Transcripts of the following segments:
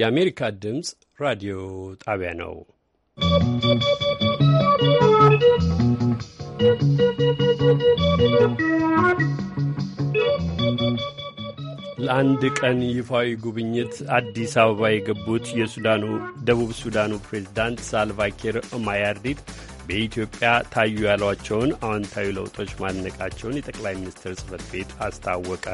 የአሜሪካ ድምፅ ራዲዮ ጣቢያ ነው። ለአንድ ቀን ይፋዊ ጉብኝት አዲስ አበባ የገቡት የሱዳኑ ደቡብ ሱዳኑ ፕሬዝዳንት ሳልቫኪር ማያርዲት በኢትዮጵያ ታዩ ያሏቸውን አዎንታዊ ለውጦች ማድነቃቸውን የጠቅላይ ሚኒስትር ጽህፈት ቤት አስታወቀ።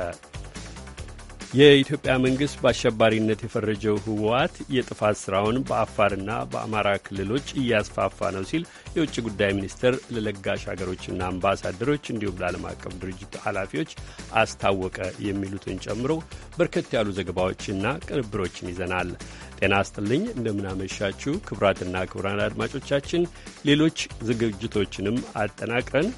የኢትዮጵያ መንግስት በአሸባሪነት የፈረጀው ህወሓት የጥፋት ስራውን በአፋርና በአማራ ክልሎች እያስፋፋ ነው ሲል የውጭ ጉዳይ ሚኒስቴር ለለጋሽ ሀገሮችና አምባሳደሮች እንዲሁም ለዓለም አቀፍ ድርጅት ኃላፊዎች አስታወቀ የሚሉትን ጨምሮ በርከት ያሉ ዘገባዎችና ቅንብሮችን ይዘናል። ጤና ይስጥልኝ፣ እንደምናመሻችሁ ክቡራትና ክቡራን አድማጮቻችን ሌሎች ዝግጅቶችንም አጠናቅረን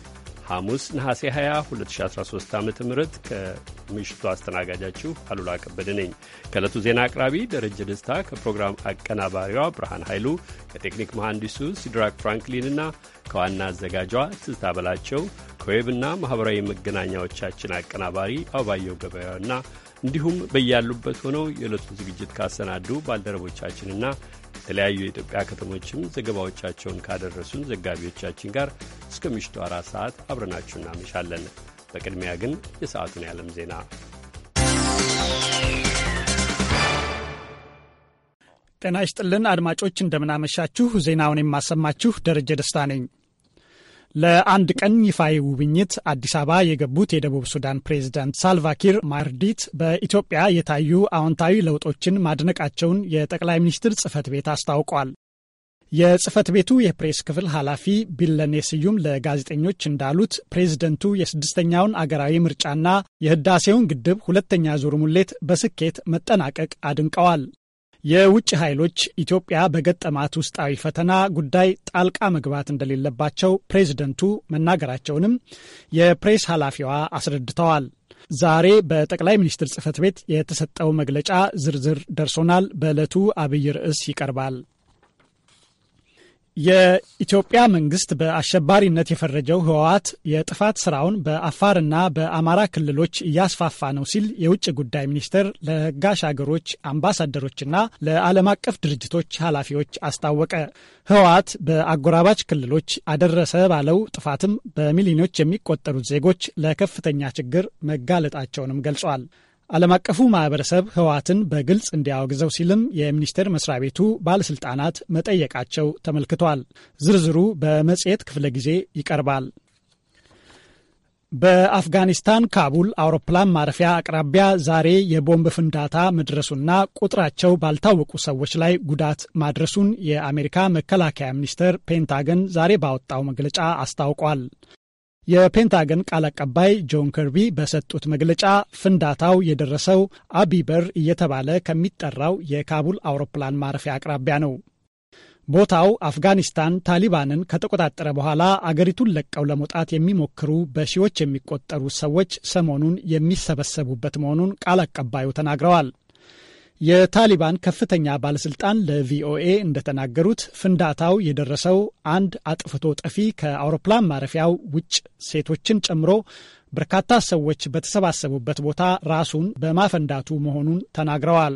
ሐሙስ ነሐሴ 20 2013 ዓ ም ከምሽቱ አስተናጋጃችሁ አሉላ ከበደ ነኝ። ከዕለቱ ዜና አቅራቢ ደረጀ ደስታ ከፕሮግራም አቀናባሪዋ ብርሃን ኃይሉ ከቴክኒክ መሐንዲሱ ሲድራክ ፍራንክሊንና ከዋና አዘጋጇ ትዝታ በላቸው ከዌብና ማኅበራዊ መገናኛዎቻችን አቀናባሪ አባየው ገበያና እንዲሁም በያሉበት ሆነው የዕለቱ ዝግጅት ካሰናዱ ባልደረቦቻችንና ከተለያዩ የኢትዮጵያ ከተሞችም ዘገባዎቻቸውን ካደረሱን ዘጋቢዎቻችን ጋር እስከ ምሽቱ አራት ሰዓት አብረናችሁ እናመሻለን። በቅድሚያ ግን የሰዓቱን የዓለም ዜና ጤና ይስጥልን አድማጮች፣ እንደምናመሻችሁ። ዜናውን የማሰማችሁ ደረጀ ደስታ ነኝ። ለአንድ ቀን ይፋዊ ጉብኝት አዲስ አበባ የገቡት የደቡብ ሱዳን ፕሬዝዳንት ሳልቫኪር ማርዲት በኢትዮጵያ የታዩ አዎንታዊ ለውጦችን ማድነቃቸውን የጠቅላይ ሚኒስትር ጽህፈት ቤት አስታውቋል። የጽህፈት ቤቱ የፕሬስ ክፍል ኃላፊ ቢለኔ ስዩም ለጋዜጠኞች እንዳሉት ፕሬዝደንቱ የስድስተኛውን አገራዊ ምርጫና የህዳሴውን ግድብ ሁለተኛ ዙር ሙሌት በስኬት መጠናቀቅ አድንቀዋል። የውጭ ኃይሎች ኢትዮጵያ በገጠማት ውስጣዊ ፈተና ጉዳይ ጣልቃ መግባት እንደሌለባቸው ፕሬዝደንቱ መናገራቸውንም የፕሬስ ኃላፊዋ አስረድተዋል። ዛሬ በጠቅላይ ሚኒስትር ጽህፈት ቤት የተሰጠው መግለጫ ዝርዝር ደርሶናል። በዕለቱ አብይ ርዕስ ይቀርባል። የኢትዮጵያ መንግስት በአሸባሪነት የፈረጀው ህወሓት የጥፋት ስራውን በአፋርና በአማራ ክልሎች እያስፋፋ ነው ሲል የውጭ ጉዳይ ሚኒስቴር ለህጋሽ አገሮች አምባሳደሮችና ለዓለም አቀፍ ድርጅቶች ኃላፊዎች አስታወቀ። ህወሓት በአጎራባች ክልሎች አደረሰ ባለው ጥፋትም በሚሊዮኖች የሚቆጠሩት ዜጎች ለከፍተኛ ችግር መጋለጣቸውንም ገልጿል። ዓለም አቀፉ ማህበረሰብ ህወሓትን በግልጽ እንዲያወግዘው ሲልም የሚኒስቴር መስሪያ ቤቱ ባለሥልጣናት መጠየቃቸው ተመልክቷል። ዝርዝሩ በመጽሔት ክፍለ ጊዜ ይቀርባል። በአፍጋኒስታን ካቡል አውሮፕላን ማረፊያ አቅራቢያ ዛሬ የቦምብ ፍንዳታ መድረሱና ቁጥራቸው ባልታወቁ ሰዎች ላይ ጉዳት ማድረሱን የአሜሪካ መከላከያ ሚኒስቴር ፔንታገን ዛሬ ባወጣው መግለጫ አስታውቋል። የፔንታገን ቃል አቀባይ ጆን ከርቢ በሰጡት መግለጫ ፍንዳታው የደረሰው አቢበር እየተባለ ከሚጠራው የካቡል አውሮፕላን ማረፊያ አቅራቢያ ነው። ቦታው አፍጋኒስታን ታሊባንን ከተቆጣጠረ በኋላ አገሪቱን ለቀው ለመውጣት የሚሞክሩ በሺዎች የሚቆጠሩ ሰዎች ሰሞኑን የሚሰበሰቡበት መሆኑን ቃል አቀባዩ ተናግረዋል። የታሊባን ከፍተኛ ባለስልጣን ለቪኦኤ እንደተናገሩት ፍንዳታው የደረሰው አንድ አጥፍቶ ጠፊ ከአውሮፕላን ማረፊያው ውጭ ሴቶችን ጨምሮ በርካታ ሰዎች በተሰባሰቡበት ቦታ ራሱን በማፈንዳቱ መሆኑን ተናግረዋል።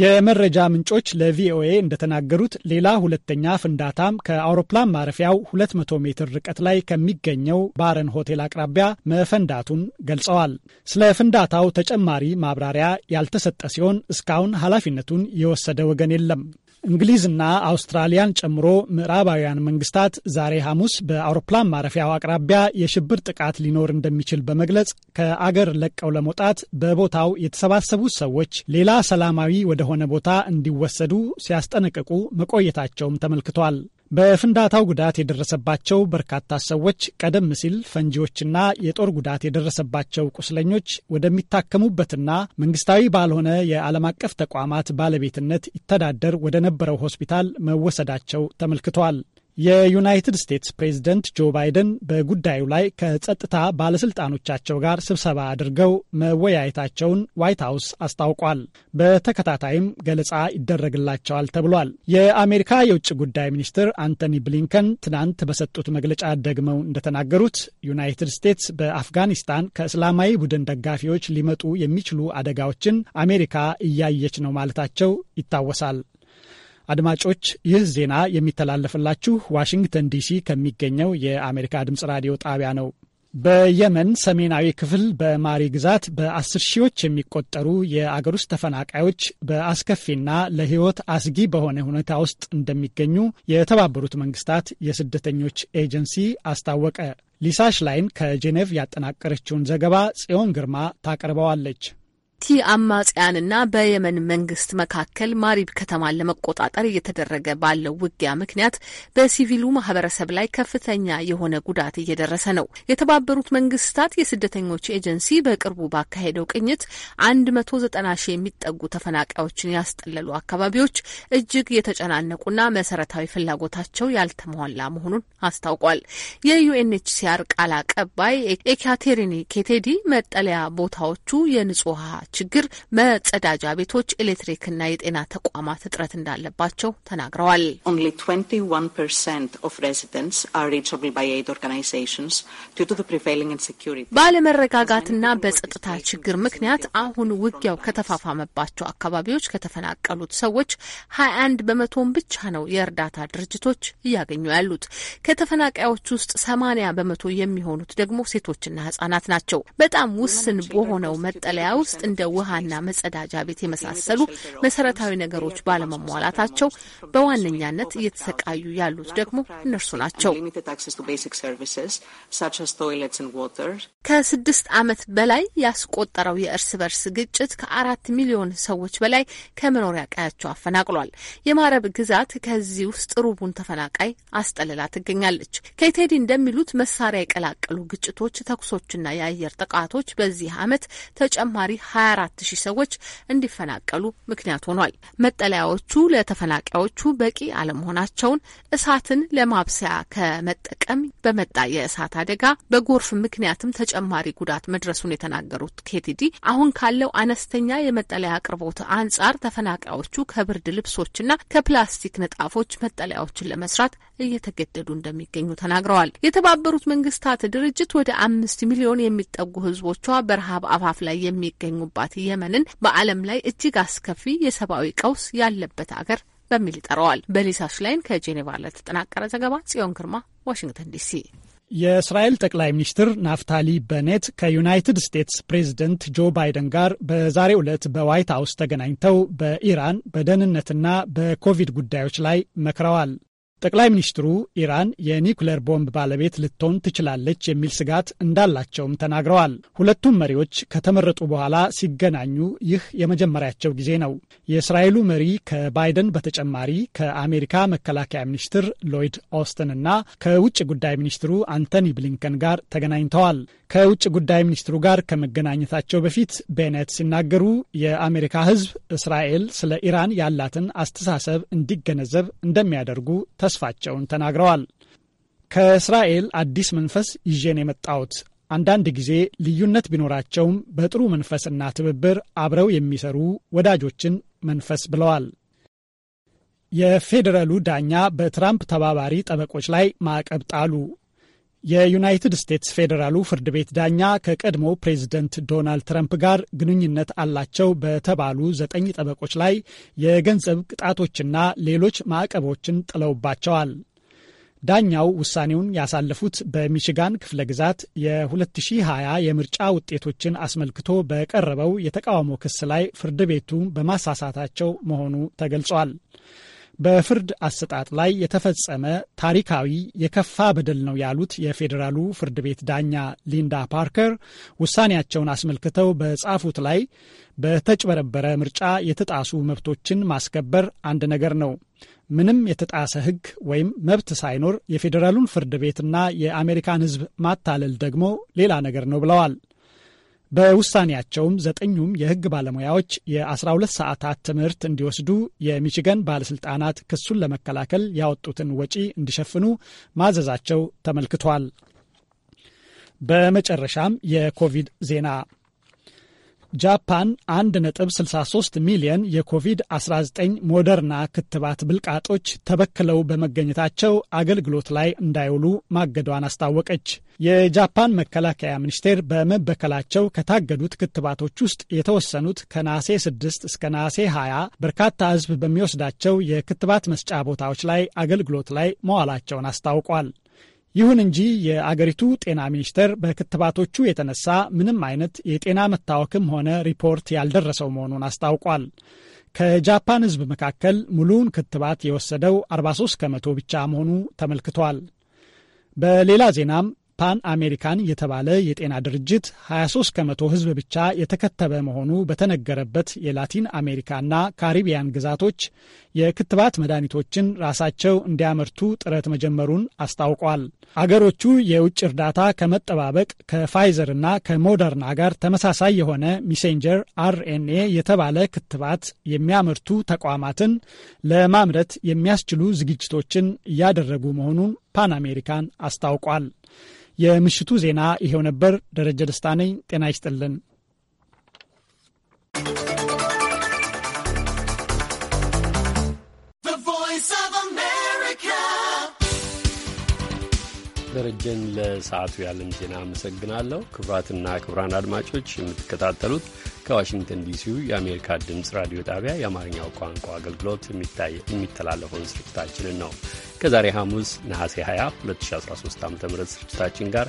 የመረጃ ምንጮች ለቪኦኤ እንደተናገሩት ሌላ ሁለተኛ ፍንዳታም ከአውሮፕላን ማረፊያው 200 ሜትር ርቀት ላይ ከሚገኘው ባረን ሆቴል አቅራቢያ መፈንዳቱን ገልጸዋል። ስለ ፍንዳታው ተጨማሪ ማብራሪያ ያልተሰጠ ሲሆን እስካሁን ኃላፊነቱን የወሰደ ወገን የለም። እንግሊዝና አውስትራሊያን ጨምሮ ምዕራባውያን መንግስታት ዛሬ ሐሙስ በአውሮፕላን ማረፊያው አቅራቢያ የሽብር ጥቃት ሊኖር እንደሚችል በመግለጽ ከአገር ለቀው ለመውጣት በቦታው የተሰባሰቡ ሰዎች ሌላ ሰላማዊ ወደሆነ ቦታ እንዲወሰዱ ሲያስጠነቅቁ መቆየታቸውም ተመልክቷል። በፍንዳታው ጉዳት የደረሰባቸው በርካታ ሰዎች ቀደም ሲል ፈንጂዎችና የጦር ጉዳት የደረሰባቸው ቁስለኞች ወደሚታከሙበትና መንግስታዊ ባልሆነ የዓለም አቀፍ ተቋማት ባለቤትነት ይተዳደር ወደ ነበረው ሆስፒታል መወሰዳቸው ተመልክተዋል። የዩናይትድ ስቴትስ ፕሬዝደንት ጆ ባይደን በጉዳዩ ላይ ከጸጥታ ባለስልጣኖቻቸው ጋር ስብሰባ አድርገው መወያየታቸውን ዋይት ሀውስ አስታውቋል። በተከታታይም ገለጻ ይደረግላቸዋል ተብሏል። የአሜሪካ የውጭ ጉዳይ ሚኒስትር አንቶኒ ብሊንከን ትናንት በሰጡት መግለጫ ደግመው እንደተናገሩት ዩናይትድ ስቴትስ በአፍጋኒስታን ከእስላማዊ ቡድን ደጋፊዎች ሊመጡ የሚችሉ አደጋዎችን አሜሪካ እያየች ነው ማለታቸው ይታወሳል። አድማጮች ይህ ዜና የሚተላለፍላችሁ ዋሽንግተን ዲሲ ከሚገኘው የአሜሪካ ድምፅ ራዲዮ ጣቢያ ነው። በየመን ሰሜናዊ ክፍል በማሪ ግዛት በአስር ሺዎች የሚቆጠሩ የአገር ውስጥ ተፈናቃዮች በአስከፊና ለሕይወት አስጊ በሆነ ሁኔታ ውስጥ እንደሚገኙ የተባበሩት መንግስታት የስደተኞች ኤጀንሲ አስታወቀ። ሊሳ ሽላይን ከጄኔቭ ያጠናቀረችውን ዘገባ ጽዮን ግርማ ታቀርበዋለች። ቲ አማጽያንና በየመን መንግስት መካከል ማሪብ ከተማን ለመቆጣጠር እየተደረገ ባለው ውጊያ ምክንያት በሲቪሉ ማህበረሰብ ላይ ከፍተኛ የሆነ ጉዳት እየደረሰ ነው። የተባበሩት መንግስታት የስደተኞች ኤጀንሲ በቅርቡ ባካሄደው ቅኝት አንድ መቶ ዘጠና ሺህ የሚጠጉ ተፈናቃዮችን ያስጠለሉ አካባቢዎች እጅግ የተጨናነቁና መሰረታዊ ፍላጎታቸው ያልተሟላ መሆኑን አስታውቋል። የዩኤንኤችሲአር ቃል አቀባይ ኤካቴሪኒ ኬቴዲ መጠለያ ቦታዎቹ የንጹህ ውሃ ችግር መጸዳጃ ቤቶች፣ ኤሌክትሪክና የጤና ተቋማት እጥረት እንዳለባቸው ተናግረዋል። ባለመረጋጋትና በጸጥታ ችግር ምክንያት አሁን ውጊያው ከተፋፋመባቸው አካባቢዎች ከተፈናቀሉት ሰዎች 21 በመቶን ብቻ ነው የእርዳታ ድርጅቶች እያገኙ ያሉት። ከተፈናቃዮች ውስጥ 80 በመቶ የሚሆኑት ደግሞ ሴቶችና ህጻናት ናቸው። በጣም ውስን በሆነው መጠለያ ውስጥ እንደ ውሃና መጸዳጃ ቤት የመሳሰሉ መሰረታዊ ነገሮች ባለመሟላታቸው በዋነኛነት እየተሰቃዩ ያሉት ደግሞ እነርሱ ናቸው። ከስድስት ዓመት በላይ ያስቆጠረው የእርስ በርስ ግጭት ከአራት ሚሊዮን ሰዎች በላይ ከመኖሪያ ቀያቸው አፈናቅሏል። የማረብ ግዛት ከዚህ ውስጥ ሩቡን ተፈናቃይ አስጠልላ ትገኛለች። ከቴዲ እንደሚሉት መሳሪያ የቀላቀሉ ግጭቶች፣ ተኩሶችና የአየር ጥቃቶች በዚህ ዓመት ተጨማሪ ሀ 24 ሺህ ሰዎች እንዲፈናቀሉ ምክንያት ሆኗል። መጠለያዎቹ ለተፈናቃዮቹ በቂ አለመሆናቸውን፣ እሳትን ለማብሰያ ከመጠቀም በመጣ የእሳት አደጋ በጎርፍ ምክንያትም ተጨማሪ ጉዳት መድረሱን የተናገሩት ኬቲዲ አሁን ካለው አነስተኛ የመጠለያ አቅርቦት አንጻር ተፈናቃዮቹ ከብርድ ልብሶችና ከፕላስቲክ ንጣፎች መጠለያዎችን ለመስራት እየተገደዱ እንደሚገኙ ተናግረዋል። የተባበሩት መንግስታት ድርጅት ወደ አምስት ሚሊዮን የሚጠጉ ህዝቦቿ በረሃብ አፋፍ ላይ የሚገኙ የገነባት የመንን በዓለም ላይ እጅግ አስከፊ የሰብአዊ ቀውስ ያለበት አገር በሚል ይጠራዋል። በሊሳ ሽላይን ከጄኔቫ ለተጠናቀረ ዘገባ ጽዮን ግርማ ዋሽንግተን ዲሲ። የእስራኤል ጠቅላይ ሚኒስትር ናፍታሊ በኔት ከዩናይትድ ስቴትስ ፕሬዝደንት ጆ ባይደን ጋር በዛሬው ዕለት በዋይት ሀውስ ተገናኝተው በኢራን በደህንነትና በኮቪድ ጉዳዮች ላይ መክረዋል። ጠቅላይ ሚኒስትሩ ኢራን የኒኩሌር ቦምብ ባለቤት ልትሆን ትችላለች የሚል ስጋት እንዳላቸውም ተናግረዋል። ሁለቱም መሪዎች ከተመረጡ በኋላ ሲገናኙ ይህ የመጀመሪያቸው ጊዜ ነው። የእስራኤሉ መሪ ከባይደን በተጨማሪ ከአሜሪካ መከላከያ ሚኒስትር ሎይድ ኦስትን እና ከውጭ ጉዳይ ሚኒስትሩ አንቶኒ ብሊንከን ጋር ተገናኝተዋል። ከውጭ ጉዳይ ሚኒስትሩ ጋር ከመገናኘታቸው በፊት ቤኔት ሲናገሩ የአሜሪካ ሕዝብ እስራኤል ስለ ኢራን ያላትን አስተሳሰብ እንዲገነዘብ እንደሚያደርጉ ተስፋቸውን ተናግረዋል። ከእስራኤል አዲስ መንፈስ ይዤን የመጣሁት አንዳንድ ጊዜ ልዩነት ቢኖራቸውም በጥሩ መንፈስና ትብብር አብረው የሚሰሩ ወዳጆችን መንፈስ ብለዋል። የፌዴራሉ ዳኛ በትራምፕ ተባባሪ ጠበቆች ላይ ማዕቀብ ጣሉ። የዩናይትድ ስቴትስ ፌዴራሉ ፍርድ ቤት ዳኛ ከቀድሞ ፕሬዝደንት ዶናልድ ትራምፕ ጋር ግንኙነት አላቸው በተባሉ ዘጠኝ ጠበቆች ላይ የገንዘብ ቅጣቶችና ሌሎች ማዕቀቦችን ጥለውባቸዋል። ዳኛው ውሳኔውን ያሳለፉት በሚሽጋን ክፍለ ግዛት የ2020 የምርጫ ውጤቶችን አስመልክቶ በቀረበው የተቃውሞ ክስ ላይ ፍርድ ቤቱ በማሳሳታቸው መሆኑ ተገልጿል። በፍርድ አሰጣጥ ላይ የተፈጸመ ታሪካዊ የከፋ በደል ነው ያሉት የፌዴራሉ ፍርድ ቤት ዳኛ ሊንዳ ፓርከር ውሳኔያቸውን አስመልክተው በጻፉት ላይ በተጭበረበረ ምርጫ የተጣሱ መብቶችን ማስከበር አንድ ነገር ነው። ምንም የተጣሰ ሕግ ወይም መብት ሳይኖር የፌዴራሉን ፍርድ ቤትና የአሜሪካን ሕዝብ ማታለል ደግሞ ሌላ ነገር ነው ብለዋል። በውሳኔያቸውም ዘጠኙም የህግ ባለሙያዎች የ12 ሰዓታት ትምህርት እንዲወስዱ፣ የሚችገን ባለሥልጣናት ክሱን ለመከላከል ያወጡትን ወጪ እንዲሸፍኑ ማዘዛቸው ተመልክቷል። በመጨረሻም የኮቪድ ዜና ጃፓን 1.63 ሚሊዮን የኮቪድ-19 ሞደርና ክትባት ብልቃጦች ተበክለው በመገኘታቸው አገልግሎት ላይ እንዳይውሉ ማገዷን አስታወቀች። የጃፓን መከላከያ ሚኒስቴር በመበከላቸው ከታገዱት ክትባቶች ውስጥ የተወሰኑት ከነሐሴ 6 እስከ ነሐሴ 20 በርካታ ሕዝብ በሚወስዳቸው የክትባት መስጫ ቦታዎች ላይ አገልግሎት ላይ መዋላቸውን አስታውቋል። ይሁን እንጂ የአገሪቱ ጤና ሚኒስቴር በክትባቶቹ የተነሳ ምንም አይነት የጤና መታወክም ሆነ ሪፖርት ያልደረሰው መሆኑን አስታውቋል። ከጃፓን ሕዝብ መካከል ሙሉውን ክትባት የወሰደው 43 ከመቶ ብቻ መሆኑ ተመልክቷል። በሌላ ዜናም ፓን አሜሪካን የተባለ የጤና ድርጅት 23 ከመቶ ሕዝብ ብቻ የተከተበ መሆኑ በተነገረበት የላቲን አሜሪካና ካሪቢያን ግዛቶች የክትባት መድኃኒቶችን ራሳቸው እንዲያመርቱ ጥረት መጀመሩን አስታውቋል። አገሮቹ የውጭ እርዳታ ከመጠባበቅ ከፋይዘርና ከሞደርና ጋር ተመሳሳይ የሆነ ሚሴንጀር አርኤንኤ የተባለ ክትባት የሚያመርቱ ተቋማትን ለማምረት የሚያስችሉ ዝግጅቶችን እያደረጉ መሆኑን ፓን አሜሪካን አስታውቋል። የምሽቱ ዜና ይሄው ነበር። ደረጀ ደስታ ነኝ። ጤና ይስጥልን። ደረጀን ለሰዓቱ ያለን ዜና አመሰግናለሁ። ክቡራትና ክቡራን አድማጮች የምትከታተሉት ከዋሽንግተን ዲሲው የአሜሪካ ድምፅ ራዲዮ ጣቢያ የአማርኛው ቋንቋ አገልግሎት የሚተላለፈውን ስርጭታችንን ነው። ከዛሬ ሐሙስ ነሐሴ 20 2013 ዓ ም ስርጭታችን ጋር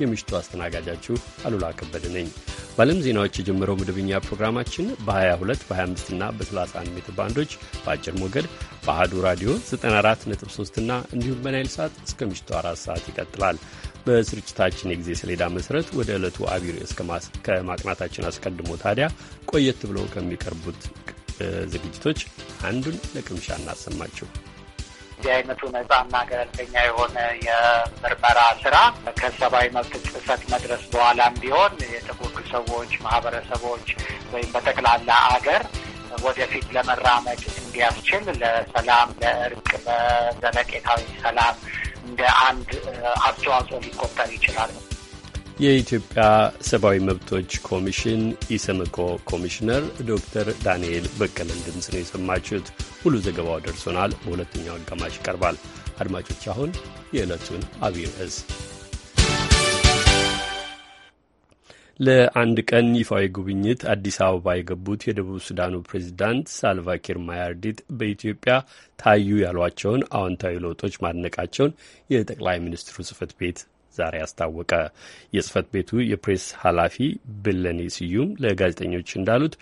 የምሽቱ አስተናጋጃችሁ አሉላ ከበደ ነኝ። በዓለም ዜናዎች የጀመረው መደበኛ ፕሮግራማችን በ22 በ25 እና በ31 ሜትር ባንዶች በአጭር ሞገድ በአህዱ ራዲዮ 94.3 እና እንዲሁም በናይል ሰዓት እስከ ምሽቱ 4 ሰዓት ይቀጥላል። በስርጭታችን የጊዜ ሰሌዳ መሰረት ወደ ዕለቱ አቢር ከማቅናታችን አስቀድሞ ታዲያ ቆየት ብለው ከሚቀርቡት ዝግጅቶች አንዱን ለቅምሻ እናሰማችሁ። እንዲህ አይነቱ ነጻና ገለልተኛ የሆነ የምርመራ ስራ ከሰብአዊ መብት ጥሰት መድረስ በኋላም ቢሆን የተጎዱ ሰዎች፣ ማህበረሰቦች ወይም በጠቅላላ አገር ወደፊት ለመራመድ እንዲያስችል ለሰላም፣ ለእርቅ፣ በዘለቄታዊ ሰላም እንደ አንድ አስተዋጽኦ ሊቆጠር ይችላል። የኢትዮጵያ ሰብአዊ መብቶች ኮሚሽን ኢሰመኮ ኮሚሽነር ዶክተር ዳንኤል በቀለን ድምፅ ነው የሰማችሁት። ሙሉ ዘገባው ደርሶናል፣ በሁለተኛው አጋማሽ ይቀርባል። አድማጮች፣ አሁን የዕለቱን አብይ ርዕስ ለአንድ ቀን ይፋዊ ጉብኝት አዲስ አበባ የገቡት የደቡብ ሱዳኑ ፕሬዚዳንት ሳልቫኪር ማያርዲት በኢትዮጵያ ታዩ ያሏቸውን አዎንታዊ ለውጦች ማድነቃቸውን የጠቅላይ ሚኒስትሩ ጽህፈት ቤት ዛሬ አስታወቀ። የጽህፈት ቤቱ የፕሬስ ኃላፊ ብለኔ ስዩም ለጋዜጠኞች እንዳሉት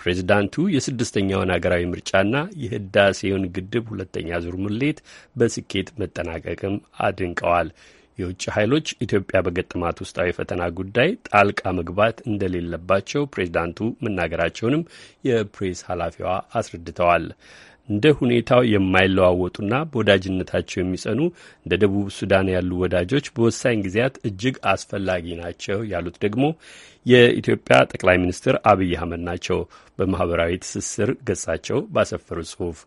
ፕሬዚዳንቱ የስድስተኛውን ሀገራዊ ምርጫና የህዳሴውን ግድብ ሁለተኛ ዙር ሙሌት በስኬት መጠናቀቅም አድንቀዋል። የውጭ ኃይሎች ኢትዮጵያ በገጠማት ውስጣዊ ፈተና ጉዳይ ጣልቃ መግባት እንደሌለባቸው ፕሬዚዳንቱ መናገራቸውንም የፕሬስ ኃላፊዋ አስረድተዋል። እንደ ሁኔታው የማይለዋወጡና በወዳጅነታቸው የሚጸኑ እንደ ደቡብ ሱዳን ያሉ ወዳጆች በወሳኝ ጊዜያት እጅግ አስፈላጊ ናቸው ያሉት ደግሞ የኢትዮጵያ ጠቅላይ ሚኒስትር አብይ አህመድ ናቸው። በማህበራዊ ትስስር ገጻቸው ባሰፈሩ ጽሁፍ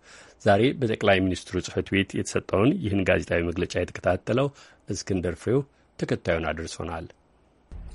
ዛሬ በጠቅላይ ሚኒስትሩ ጽህፈት ቤት የተሰጠውን ይህን ጋዜጣዊ መግለጫ የተከታተለው እስክንደር ፍሬው ተከታዩን አድርሶናል።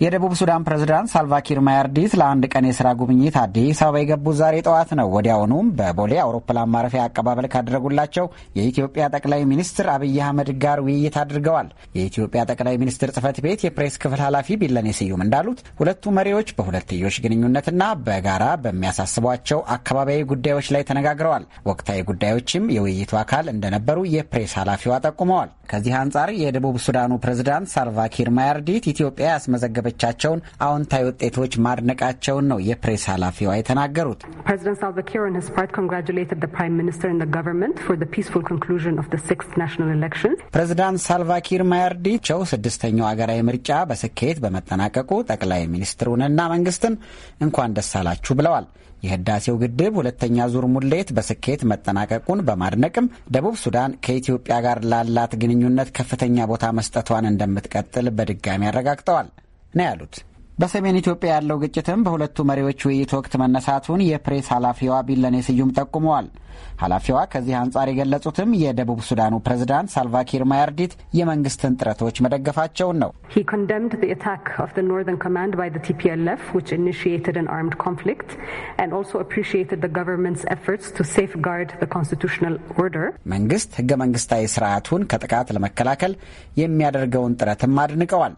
የደቡብ ሱዳን ፕሬዝዳንት ሳልቫኪር ማያርዲት ለአንድ ቀን የስራ ጉብኝት አዲስ አበባ የገቡት ዛሬ ጠዋት ነው። ወዲያውኑም በቦሌ አውሮፕላን ማረፊያ አቀባበል ካደረጉላቸው የኢትዮጵያ ጠቅላይ ሚኒስትር አብይ አህመድ ጋር ውይይት አድርገዋል። የኢትዮጵያ ጠቅላይ ሚኒስትር ጽህፈት ቤት የፕሬስ ክፍል ኃላፊ ቢለኔ ስዩም እንዳሉት ሁለቱ መሪዎች በሁለትዮሽ ግንኙነትና በጋራ በሚያሳስቧቸው አካባቢያዊ ጉዳዮች ላይ ተነጋግረዋል። ወቅታዊ ጉዳዮችም የውይይቱ አካል እንደነበሩ የፕሬስ ኃላፊዋ ጠቁመዋል። ከዚህ አንጻር የደቡብ ሱዳኑ ፕሬዝዳንት ሳልቫኪር ማያርዲት ኢትዮጵያ ያስመዘገ የመዘገበቻቸውን አዎንታዊ ውጤቶች ማድነቃቸውን ነው የፕሬስ ኃላፊዋ የተናገሩት። ፕሬዚደንት ሳልቫኪር ን ፓርት ኮንግራጁሌትድ ፕራይም ሚኒስትር ን ፎር ፒስፉል ኮንክሉዥን ኦፍ ናሽናል ኢሌክሽን። ፕሬዚዳንት ሳልቫኪር ማያርዲቸው ስድስተኛው አገራዊ ምርጫ በስኬት በመጠናቀቁ ጠቅላይ ሚኒስትሩንና መንግስትን እንኳን ደስ አላችሁ ብለዋል። የህዳሴው ግድብ ሁለተኛ ዙር ሙሌት በስኬት መጠናቀቁን በማድነቅም ደቡብ ሱዳን ከኢትዮጵያ ጋር ላላት ግንኙነት ከፍተኛ ቦታ መስጠቷን እንደምትቀጥል በድጋሚ አረጋግጠዋል። ነው ያሉት። በሰሜን ኢትዮጵያ ያለው ግጭትም በሁለቱ መሪዎች ውይይት ወቅት መነሳቱን የፕሬስ ኃላፊዋ ቢለኔ ስዩም ጠቁመዋል። ኃላፊዋ ከዚህ አንጻር የገለጹትም የደቡብ ሱዳኑ ፕሬዝዳንት ሳልቫኪር ማያርዲት የመንግስትን ጥረቶች መደገፋቸውን ነው። መንግስት ህገ መንግስታዊ ስርዓቱን ከጥቃት ለመከላከል የሚያደርገውን ጥረትም አድንቀዋል።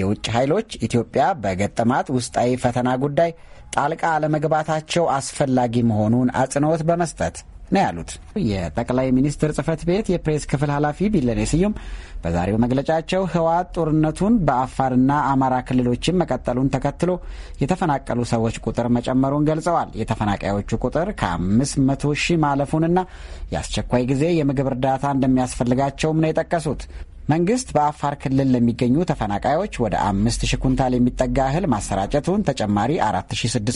የውጭ ኃይሎች ኢትዮጵያ በገጠማት ውስጣዊ ፈተና ጉዳይ ጣልቃ አለመግባታቸው አስፈላጊ መሆኑን አጽንኦት በመስጠት ነው ያሉት። የጠቅላይ ሚኒስትር ጽህፈት ቤት የፕሬስ ክፍል ኃላፊ ቢለኔ ስዩም በዛሬው መግለጫቸው ህወሓት ጦርነቱን በአፋርና አማራ ክልሎችን መቀጠሉን ተከትሎ የተፈናቀሉ ሰዎች ቁጥር መጨመሩን ገልጸዋል። የተፈናቃዮቹ ቁጥር ከ500 ሺህ ማለፉንና የአስቸኳይ ጊዜ የምግብ እርዳታ እንደሚያስፈልጋቸውም ነው የጠቀሱት። መንግስት በአፋር ክልል ለሚገኙ ተፈናቃዮች ወደ አምስት ሺህ ኩንታል የሚጠጋ እህል ማሰራጨቱን ተጨማሪ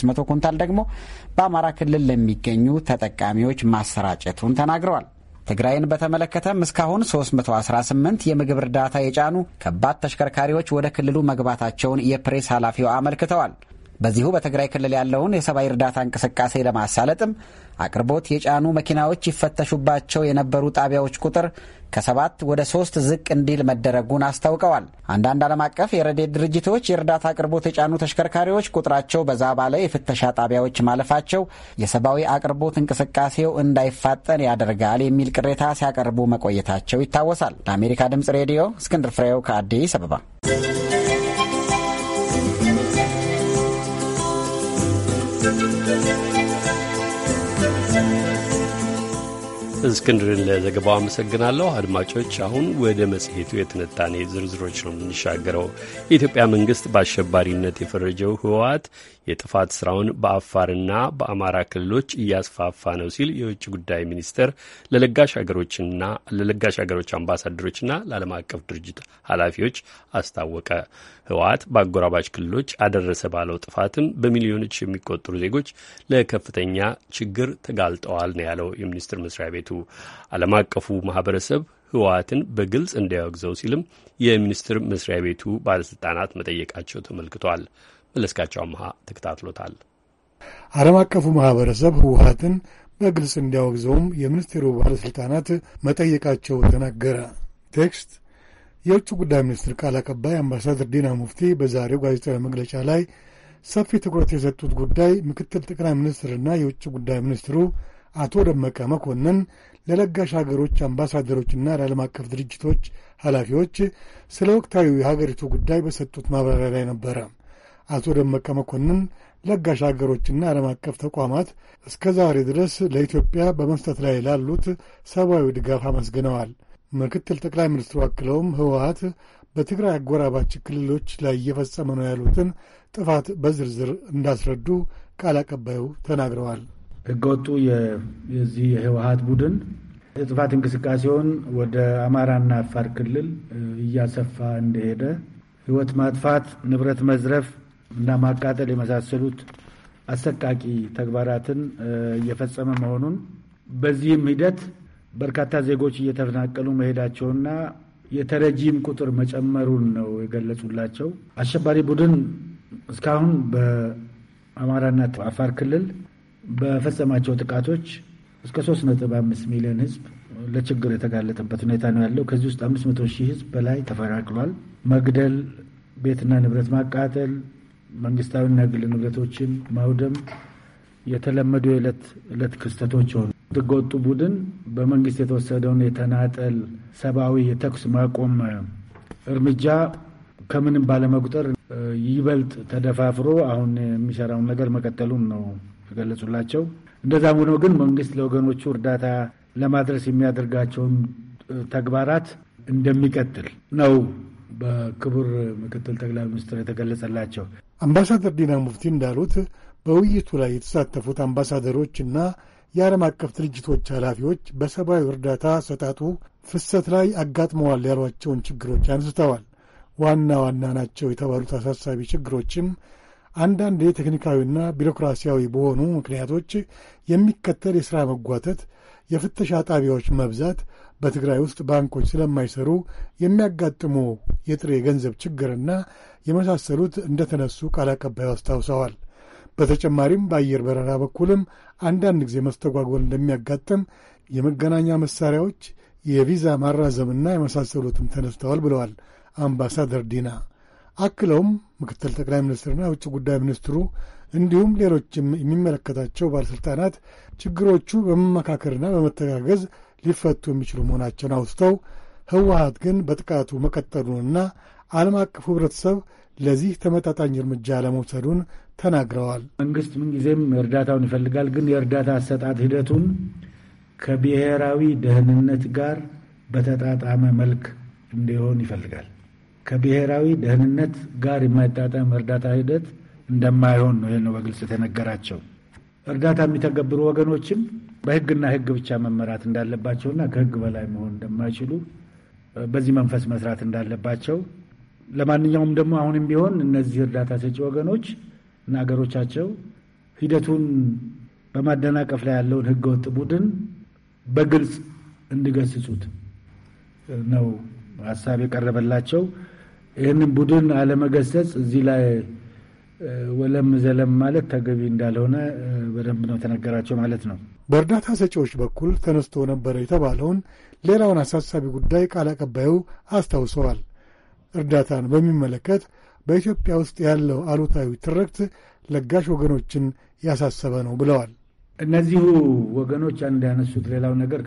መቶ ኩንታል ደግሞ በአማራ ክልል ለሚገኙ ተጠቃሚዎች ማሰራጨቱን ተናግረዋል። ትግራይን በተመለከተም እስካሁን 318 የምግብ እርዳታ የጫኑ ከባድ ተሽከርካሪዎች ወደ ክልሉ መግባታቸውን የፕሬስ ኃላፊው አመልክተዋል። በዚሁ በትግራይ ክልል ያለውን የሰብአዊ እርዳታ እንቅስቃሴ ለማሳለጥም አቅርቦት የጫኑ መኪናዎች ይፈተሹባቸው የነበሩ ጣቢያዎች ቁጥር ከሰባት ወደ ሶስት ዝቅ እንዲል መደረጉን አስታውቀዋል። አንዳንድ ዓለም አቀፍ የረድኤት ድርጅቶች የእርዳታ አቅርቦት የጫኑ ተሽከርካሪዎች ቁጥራቸው በዛ ባለ የፍተሻ ጣቢያዎች ማለፋቸው የሰብአዊ አቅርቦት እንቅስቃሴው እንዳይፋጠን ያደርጋል የሚል ቅሬታ ሲያቀርቡ መቆየታቸው ይታወሳል። ለአሜሪካ ድምጽ ሬዲዮ እስክንድር ፍሬው ከአዲስ አበባ እስክንድርን ለዘገባው አመሰግናለሁ። አድማጮች፣ አሁን ወደ መጽሔቱ የትንታኔ ዝርዝሮች ነው የምንሻገረው። የኢትዮጵያ መንግስት በአሸባሪነት የፈረጀው ህወሓት የጥፋት ስራውን በአፋርና በአማራ ክልሎች እያስፋፋ ነው ሲል የውጭ ጉዳይ ሚኒስቴር ለለጋሽ ሀገሮችና ለለጋሽ ሀገሮች አምባሳደሮችና ለዓለም አቀፍ ድርጅት ኃላፊዎች አስታወቀ። ህወሓት በአጎራባች ክልሎች አደረሰ ባለው ጥፋትም በሚሊዮኖች የሚቆጠሩ ዜጎች ለከፍተኛ ችግር ተጋልጠዋል ነው ያለው የሚኒስቴር መስሪያ ቤቱ። ዓለም አቀፉ ማህበረሰብ ህወሓትን በግልጽ እንዲያወግዘው ሲልም የሚኒስቴር መስሪያ ቤቱ ባለስልጣናት መጠየቃቸው ተመልክቷል። መለስካቸው አምሃ ተከታትሎታል። ዓለም አቀፉ ማህበረሰብ ህወሀትን በግልጽ እንዲያወግዘውም የሚኒስቴሩ ባለሥልጣናት መጠየቃቸው ተናገረ። ቴክስት የውጭ ጉዳይ ሚኒስትር ቃል አቀባይ አምባሳደር ዲና ሙፍቲ በዛሬው ጋዜጣዊ መግለጫ ላይ ሰፊ ትኩረት የሰጡት ጉዳይ ምክትል ጠቅላይ ሚኒስትርና የውጭ ጉዳይ ሚኒስትሩ አቶ ደመቀ መኮንን ለለጋሽ ሀገሮች አምባሳደሮችና ለዓለም አቀፍ ድርጅቶች ኃላፊዎች ስለ ወቅታዊ የሀገሪቱ ጉዳይ በሰጡት ማብራሪያ ላይ ነበረ። አቶ ደመቀ መኮንን ለጋሽ አገሮችና ዓለም አቀፍ ተቋማት እስከ ዛሬ ድረስ ለኢትዮጵያ በመስጠት ላይ ላሉት ሰብአዊ ድጋፍ አመስግነዋል። ምክትል ጠቅላይ ሚኒስትሩ አክለውም ህወሀት በትግራይ አጎራባች ክልሎች ላይ እየፈጸመ ነው ያሉትን ጥፋት በዝርዝር እንዳስረዱ ቃል አቀባዩ ተናግረዋል። ህገወጡ የዚህ የህወሀት ቡድን የጥፋት እንቅስቃሴውን ወደ አማራና አፋር ክልል እያሰፋ እንደሄደ ህይወት ማጥፋት፣ ንብረት መዝረፍ እና ማቃጠል የመሳሰሉት አሰቃቂ ተግባራትን እየፈጸመ መሆኑን በዚህም ሂደት በርካታ ዜጎች እየተፈናቀሉ መሄዳቸውና የተረጂም ቁጥር መጨመሩን ነው የገለጹላቸው። አሸባሪ ቡድን እስካሁን በአማራና አፋር ክልል በፈጸማቸው ጥቃቶች እስከ 3.5 ሚሊዮን ህዝብ ለችግር የተጋለጠበት ሁኔታ ነው ያለው። ከዚህ ውስጥ 500 ሺህ ህዝብ በላይ ተፈናቅሏል። መግደል፣ ቤትና ንብረት ማቃጠል፣ መንግስታዊና ግል ንብረቶችን ማውደም የተለመዱ የዕለት ዕለት ክስተቶች ሆኑ። ህገወጡ ቡድን በመንግስት የተወሰደውን የተናጠል ሰብአዊ የተኩስ ማቆም እርምጃ ከምንም ባለመቁጠር ይበልጥ ተደፋፍሮ አሁን የሚሰራውን ነገር መቀጠሉን ነው የገለጹላቸው። እንደዛም ሆኖ ግን መንግስት ለወገኖቹ እርዳታ ለማድረስ የሚያደርጋቸውን ተግባራት እንደሚቀጥል ነው በክቡር ምክትል ጠቅላይ ሚኒስትር የተገለጸላቸው። አምባሳደር ዲና ሙፍቲ እንዳሉት በውይይቱ ላይ የተሳተፉት አምባሳደሮችና የዓለም አቀፍ ድርጅቶች ኃላፊዎች በሰብአዊ እርዳታ ሰጣጡ ፍሰት ላይ አጋጥመዋል ያሏቸውን ችግሮች አንስተዋል። ዋና ዋና ናቸው የተባሉት አሳሳቢ ችግሮችም አንዳንድ የቴክኒካዊና ቢሮክራሲያዊ በሆኑ ምክንያቶች የሚከተል የሥራ መጓተት፣ የፍተሻ ጣቢያዎች መብዛት፣ በትግራይ ውስጥ ባንኮች ስለማይሰሩ የሚያጋጥሙ የጥሬ ገንዘብ ችግርና የመሳሰሉት እንደተነሱ ቃል አቀባዩ አስታውሰዋል። በተጨማሪም በአየር በረራ በኩልም አንዳንድ ጊዜ መስተጓጎል እንደሚያጋጥም የመገናኛ መሳሪያዎች፣ የቪዛ ማራዘምና የመሳሰሉትም ተነስተዋል ብለዋል አምባሳደር ዲና። አክለውም ምክትል ጠቅላይ ሚኒስትርና የውጭ ጉዳይ ሚኒስትሩ እንዲሁም ሌሎችም የሚመለከታቸው ባለሥልጣናት ችግሮቹ በመመካከርና በመተጋገዝ ሊፈቱ የሚችሉ መሆናቸውን አውስተው ህወሀት ግን በጥቃቱ መቀጠሉንና ዓለም አቀፉ ህብረተሰብ ለዚህ ተመጣጣኝ እርምጃ ለመውሰዱን ተናግረዋል። መንግስት ምንጊዜም እርዳታውን ይፈልጋል፣ ግን የእርዳታ አሰጣት ሂደቱን ከብሔራዊ ደህንነት ጋር በተጣጣመ መልክ እንዲሆን ይፈልጋል። ከብሔራዊ ደህንነት ጋር የማይጣጣም እርዳታ ሂደት እንደማይሆን ነው። ይነው በግልጽ የተነገራቸው። እርዳታ የሚተገብሩ ወገኖችም በህግና ህግ ብቻ መመራት እንዳለባቸውና ከህግ በላይ መሆን እንደማይችሉ በዚህ መንፈስ መስራት እንዳለባቸው ለማንኛውም ደግሞ አሁንም ቢሆን እነዚህ እርዳታ ሰጪ ወገኖች እና ሀገሮቻቸው ሂደቱን በማደናቀፍ ላይ ያለውን ህገወጥ ቡድን በግልጽ እንዲገስጹት ነው ሀሳብ የቀረበላቸው። ይህንን ቡድን አለመገሰጽ እዚህ ላይ ወለም ዘለም ማለት ተገቢ እንዳልሆነ በደንብ ነው ተነገራቸው ማለት ነው። በእርዳታ ሰጪዎች በኩል ተነስቶ ነበረ የተባለውን ሌላውን አሳሳቢ ጉዳይ ቃል አቀባዩ አስታውሰዋል። እርዳታን በሚመለከት በኢትዮጵያ ውስጥ ያለው አሉታዊ ትርክት ለጋሽ ወገኖችን ያሳሰበ ነው ብለዋል። እነዚሁ ወገኖች አንድ ያነሱት ሌላው ነገር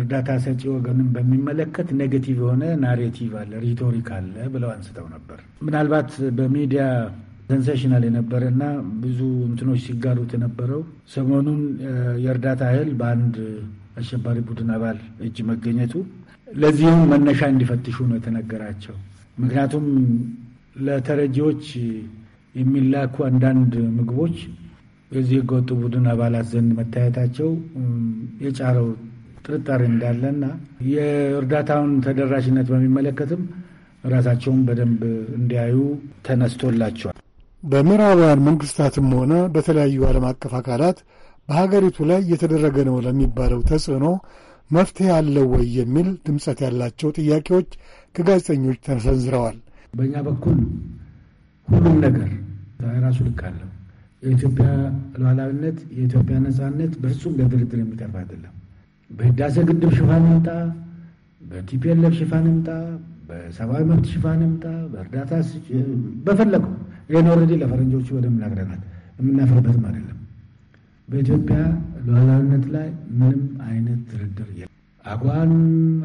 እርዳታ ሰጪ ወገንን በሚመለከት ኔጌቲቭ የሆነ ናሬቲቭ አለ፣ ሪቶሪክ አለ ብለው አንስተው ነበር። ምናልባት በሚዲያ ሴንሴሽናል የነበረ እና ብዙ እንትኖች ሲጋሩት የነበረው ሰሞኑን የእርዳታ እህል በአንድ አሸባሪ ቡድን አባል እጅ መገኘቱ ለዚህም መነሻ እንዲፈትሹ ነው የተነገራቸው። ምክንያቱም ለተረጂዎች የሚላኩ አንዳንድ ምግቦች የዚህ ህገወጥ ቡድን አባላት ዘንድ መታየታቸው የጫረው ጥርጣሬ እንዳለና የእርዳታውን ተደራሽነት በሚመለከትም ራሳቸውን በደንብ እንዲያዩ ተነስቶላቸዋል። በምዕራባውያን መንግሥታትም ሆነ በተለያዩ ዓለም አቀፍ አካላት በሀገሪቱ ላይ እየተደረገ ነው ለሚባለው ተጽዕኖ መፍትሄ አለው ወይ የሚል ድምፀት ያላቸው ጥያቄዎች ከጋዜጠኞች ተሰንዝረዋል። በእኛ በኩል ሁሉም ነገር ራሱ ልክ አለው። የኢትዮጵያ ሉዓላዊነት፣ የኢትዮጵያ ነፃነት በፍጹም ለድርድር የሚቀርብ አይደለም። በህዳሴ ግድብ ሽፋን ይምጣ፣ በቲፒኤልኤፍ ሽፋን ይምጣ፣ በሰብአዊ መብት ሽፋን ይምጣ፣ በእርዳታ በፈለገው ይህን ኦልሬዲ ለፈረንጆቹ በደንብ ነግረናል። የምናፍርበትም አይደለም። በኢትዮጵያ ሉዓላዊነት ላይ ምንም አይነት ድርድር የለም። አጓን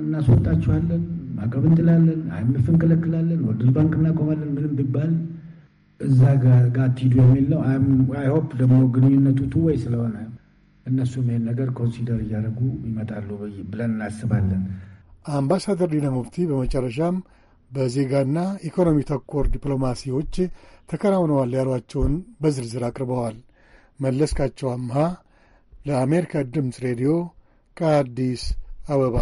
እናስወጣችኋለን፣ ማዕቀብ እንጥላለን፣ አይምፍ እንከለክላለን፣ ወርልድ ባንክ እናቆማለን፣ ምንም ቢባል እዛ ጋ አትሂዱ የሚል ነው። ደግሞ ግንኙነቱ ወይ ስለሆነ እነሱም ይህን ነገር ኮንሲደር እያደረጉ ይመጣሉ ብለን እናስባለን። አምባሳደር ዲና ሙፍቲ በመጨረሻም በዜጋና ኢኮኖሚ ተኮር ዲፕሎማሲዎች ተከናውነዋል ያሏቸውን በዝርዝር አቅርበዋል። መለስካቸው አምሃ ለአሜሪካ ድምፅ ሬዲዮ ከአዲስ አበባ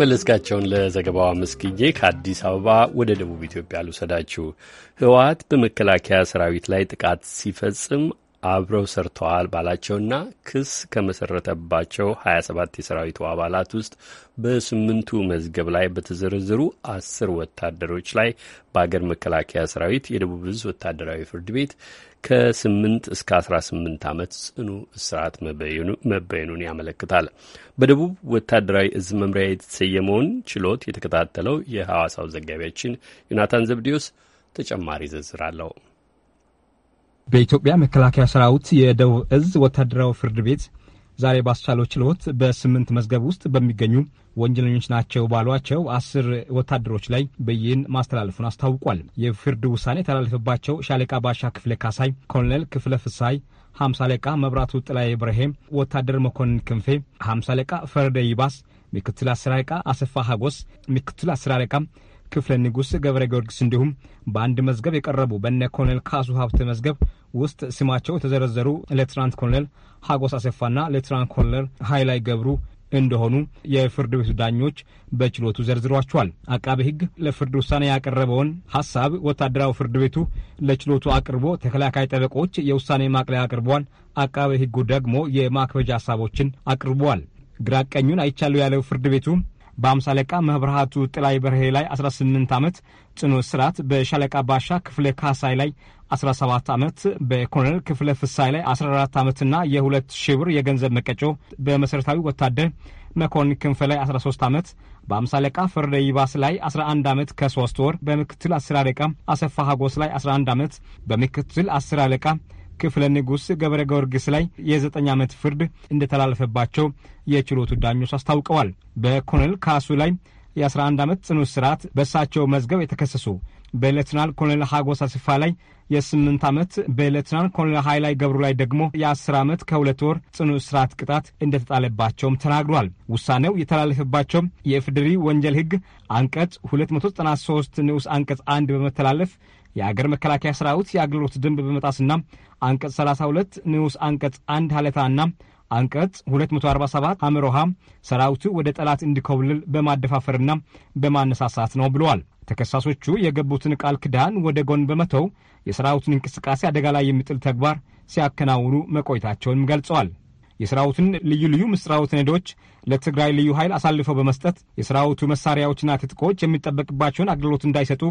መለስካቸውን ለዘገባው አመስግኜ ከአዲስ አበባ ወደ ደቡብ ኢትዮጵያ ልውሰዳችሁ። ህወሀት በመከላከያ ሰራዊት ላይ ጥቃት ሲፈጽም አብረው ሰርተዋል ባላቸውና ክስ ከመሰረተባቸው 27 የሰራዊቱ አባላት ውስጥ በስምንቱ መዝገብ ላይ በተዘረዘሩ አስር ወታደሮች ላይ በአገር መከላከያ ሰራዊት የደቡብ እዝ ወታደራዊ ፍርድ ቤት ከ8 እስከ 18 ዓመት ጽኑ እስራት መበየኑን ያመለክታል። በደቡብ ወታደራዊ እዝ መምሪያ የተሰየመውን ችሎት የተከታተለው የሐዋሳው ዘጋቢያችን ዮናታን ዘብዲዮስ ተጨማሪ ዝርዝር አለው። በኢትዮጵያ መከላከያ ሰራዊት የደቡብ እዝ ወታደራዊ ፍርድ ቤት ዛሬ ባስቻለው ችሎት በስምንት መዝገብ ውስጥ በሚገኙ ወንጀለኞች ናቸው ባሏቸው አስር ወታደሮች ላይ ብይን ማስተላለፉን አስታውቋል። የፍርድ ውሳኔ የተላለፈባቸው ሻለቃ ባሻ ክፍለ ካሳይ፣ ኮሎኔል ክፍለ ፍሳይ፣ ሀምሳ አለቃ መብራቱ ጥላይ ብርሄም፣ ወታደር መኮንን ክንፌ፣ ሀምሳ አለቃ ፈረደ ይባስ፣ ምክትል አስር አለቃ አሰፋ ሀጎስ፣ ምክትል አስር አለቃ ክፍለ ንጉሥ ገብረ ጊዮርጊስ እንዲሁም በአንድ መዝገብ የቀረቡ በነ ኮሎኔል ካሱ ሀብተ መዝገብ ውስጥ ስማቸው የተዘረዘሩ ሌትናንት ኮሎኔል ሀጎስ አሰፋና ሌትናንት ኮሎኔል ሀይላይ ገብሩ እንደሆኑ የፍርድ ቤቱ ዳኞች በችሎቱ ዘርዝሯቸዋል። አቃቤ ሕግ ለፍርድ ውሳኔ ያቀረበውን ሀሳብ ወታደራዊ ፍርድ ቤቱ ለችሎቱ አቅርቦ ተከላካይ ጠበቆች የውሳኔ ማቅለያ አቅርበዋል። አቃቤ ሕጉ ደግሞ የማክበጃ ሀሳቦችን አቅርበዋል። ግራቀኙን አይቻለሁ ያለው ፍርድ ቤቱ በአምሳ አለቃ መብርሃቱ ጥላይ በርሄ ላይ 18 ዓመት ጽኑ እስራት፣ በሻለቃ ባሻ ክፍለ ካሳይ ላይ 17 ዓመት፣ በኮሎኔል ክፍለ ፍሳይ ላይ 14 ዓመትና የሁለት ሺህ ብር የገንዘብ መቀጮ፣ በመሠረታዊ ወታደር መኮንን ክንፈ ላይ 13 ዓመት፣ በአምሳ አለቃ ፍርደ ይባስ ላይ 11 ዓመት ከ3 ወር፣ በምክትል አስር አለቃ አሰፋ ሀጎስ ላይ 11 ዓመት፣ በምክትል አስር አለቃ ክፍለ ንጉሥ ገብረ ጊዮርጊስ ላይ የዘጠኝ ዓመት ፍርድ እንደተላለፈባቸው የችሎቱ ዳኞች አስታውቀዋል። በኮሎኔል ካሱ ላይ የ11 ዓመት ጽኑ እስራት በእሳቸው መዝገብ የተከሰሱ በሌትናል ኮሎኔል ሀጎስ አስፋ ላይ የ የ8 ዓመት በሌትናል ኮሎኔል ሀይላይ ገብሩ ላይ ደግሞ የ የ10 ዓመት ከሁለት ወር ጽኑ እስራት ቅጣት እንደተጣለባቸውም ተናግሯል። ውሳኔው የተላለፈባቸው የኢፌዴሪ ወንጀል ሕግ አንቀጽ 293 ንዑስ አንቀጽ አንድ በመተላለፍ የአገር መከላከያ ሰራዊት የአገልግሎት ደንብ በመጣስና አንቀጽ 32 ንዑስ አንቀጽ አንድ ሀለታና አንቀጽ 247 አምሮሃ ሰራዊቱ ወደ ጠላት እንዲኮብልል በማደፋፈርና በማነሳሳት ነው ብለዋል። ተከሳሾቹ የገቡትን ቃል ክዳን ወደ ጎን በመተው የሰራዊቱን እንቅስቃሴ አደጋ ላይ የሚጥል ተግባር ሲያከናውኑ መቆየታቸውንም ገልጸዋል። የሰራዊቱን ልዩ ልዩ ምስጢራዊ ሰነዶች ለትግራይ ልዩ ኃይል አሳልፈው በመስጠት የሰራዊቱ መሳሪያዎችና ትጥቆች የሚጠበቅባቸውን አገልግሎት እንዳይሰጡ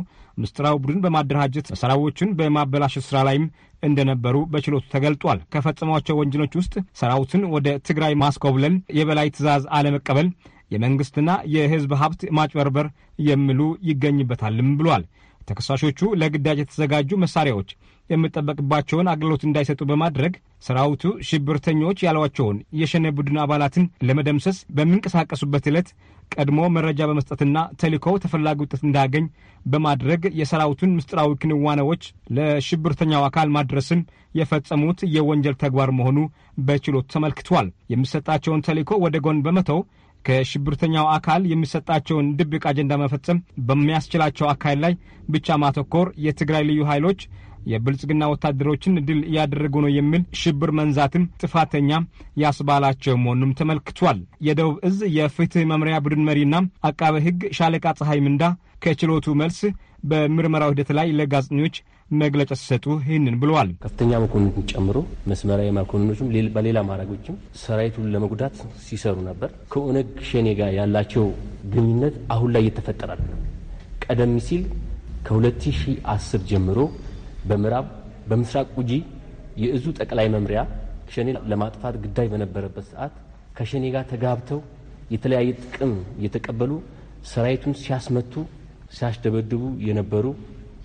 ምስጢራዊ ቡድን በማደራጀት መሳሪያዎቹን በማበላሸት ስራ ላይም እንደነበሩ በችሎቱ ተገልጧል። ከፈጸሟቸው ወንጀሎች ውስጥ ሰራዊቱን ወደ ትግራይ ማስኮብለል፣ የበላይ ትእዛዝ አለመቀበል፣ የመንግስትና የህዝብ ሀብት ማጭበርበር የሚሉ ይገኝበታልም ብሏል። ተከሳሾቹ ለግዳጅ የተዘጋጁ መሳሪያዎች የሚጠበቅባቸውን አገልግሎት እንዳይሰጡ በማድረግ ሰራዊቱ ሽብርተኞች ያሏቸውን የሸነ ቡድን አባላትን ለመደምሰስ በሚንቀሳቀሱበት ዕለት ቀድሞ መረጃ በመስጠትና ተልእኮው ተፈላጊ ውጤት እንዳያገኝ በማድረግ የሰራዊቱን ምስጢራዊ ክንዋኔዎች ለሽብርተኛው አካል ማድረስን የፈጸሙት የወንጀል ተግባር መሆኑ በችሎት ተመልክቷል። የሚሰጣቸውን ተልእኮ ወደ ጎን በመተው ከሽብርተኛው አካል የሚሰጣቸውን ድብቅ አጀንዳ መፈጸም በሚያስችላቸው አካሄድ ላይ ብቻ ማተኮር የትግራይ ልዩ ኃይሎች የብልጽግና ወታደሮችን ድል እያደረጉ ነው የሚል ሽብር መንዛትም ጥፋተኛ ያስባላቸው መሆኑም ተመልክቷል። የደቡብ እዝ የፍትህ መምሪያ ቡድን መሪና አቃቤ ሕግ ሻለቃ ፀሐይ ምንዳ ከችሎቱ መልስ በምርመራው ሂደት ላይ ለጋዜጠኞች መግለጫ ሲሰጡ ይህንን ብለዋል። ከፍተኛ መኮንኖችን ጨምሮ መስመራዊ መኮንኖችም በሌላ ማዕረጎችም ሰራዊቱን ለመጉዳት ሲሰሩ ነበር። ከኦነግ ሸኔ ጋር ያላቸው ግንኙነት አሁን ላይ እየተፈጠራል። ቀደም ሲል ከ2010 ጀምሮ በምዕራብ በምስራቅ ቁጂ የእዙ ጠቅላይ መምሪያ ሸኔ ለማጥፋት ግዳይ በነበረበት ሰዓት ከሸኔ ጋር ተጋብተው የተለያየ ጥቅም እየተቀበሉ ሰራዊቱን ሲያስመቱ ሲያስደበድቡ የነበሩ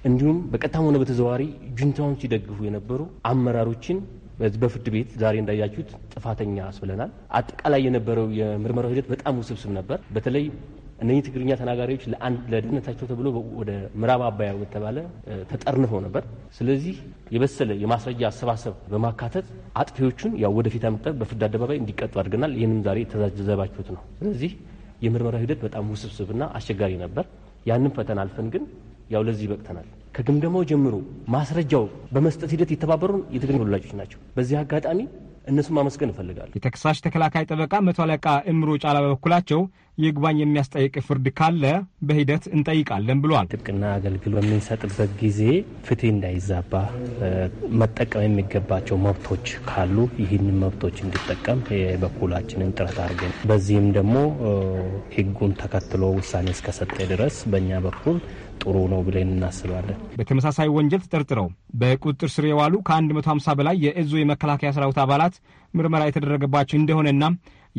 እንዲሁም በቀጥታም ሆነ በተዘዋዋሪ ጁንታውን ሲደግፉ የነበሩ አመራሮችን በፍርድ ቤት ዛሬ እንዳያችሁት ጥፋተኛ አስብለናል። አጠቃላይ የነበረው የምርመራው ሂደት በጣም ውስብስብ ነበር። በተለይ እነኚህ ትግርኛ ተናጋሪዎች ለደህንነታቸው ተብሎ ወደ ምዕራብ አባያ የተባለ ተጠርንፎ ነበር። ስለዚህ የበሰለ የማስረጃ አሰባሰብ በማካተት አጥፊዎቹን ያው ወደፊት አምጥተን በፍርድ አደባባይ እንዲቀጡ አድርገናል። ይህንም ዛሬ የተዛዘባችሁት ነው። ስለዚህ የምርመራ ሂደት በጣም ውስብስብና አስቸጋሪ ነበር። ያንም ፈተና አልፈን ግን ያው ለዚህ በቅተናል። ከግምደማው ጀምሮ ማስረጃው በመስጠት ሂደት የተባበሩን የትግርኛ ወላጆች ናቸው። በዚህ አጋጣሚ እነሱን ማመስገን እፈልጋለሁ። የተከሳሽ ተከላካይ ጠበቃ መቶ አለቃ ጫላ በበኩላቸው ይግባኝ የሚያስጠይቅ ፍርድ ካለ በሂደት እንጠይቃለን ብሏል። ጥብቅና አገልግሎት በምንሰጥበት ጊዜ ፍትህ እንዳይዛባ መጠቀም የሚገባቸው መብቶች ካሉ ይህን መብቶች እንዲጠቀም የበኩላችንን ጥረት አድርገን በዚህም ደግሞ ህጉን ተከትሎ ውሳኔ እስከሰጠ ድረስ በእኛ በኩል ጥሩ ነው ብለን እናስባለን። በተመሳሳይ ወንጀል ተጠርጥረው በቁጥጥር ስር የዋሉ ከ150 በላይ የእዙ የመከላከያ ሰራዊት አባላት ምርመራ የተደረገባቸው እንደሆነና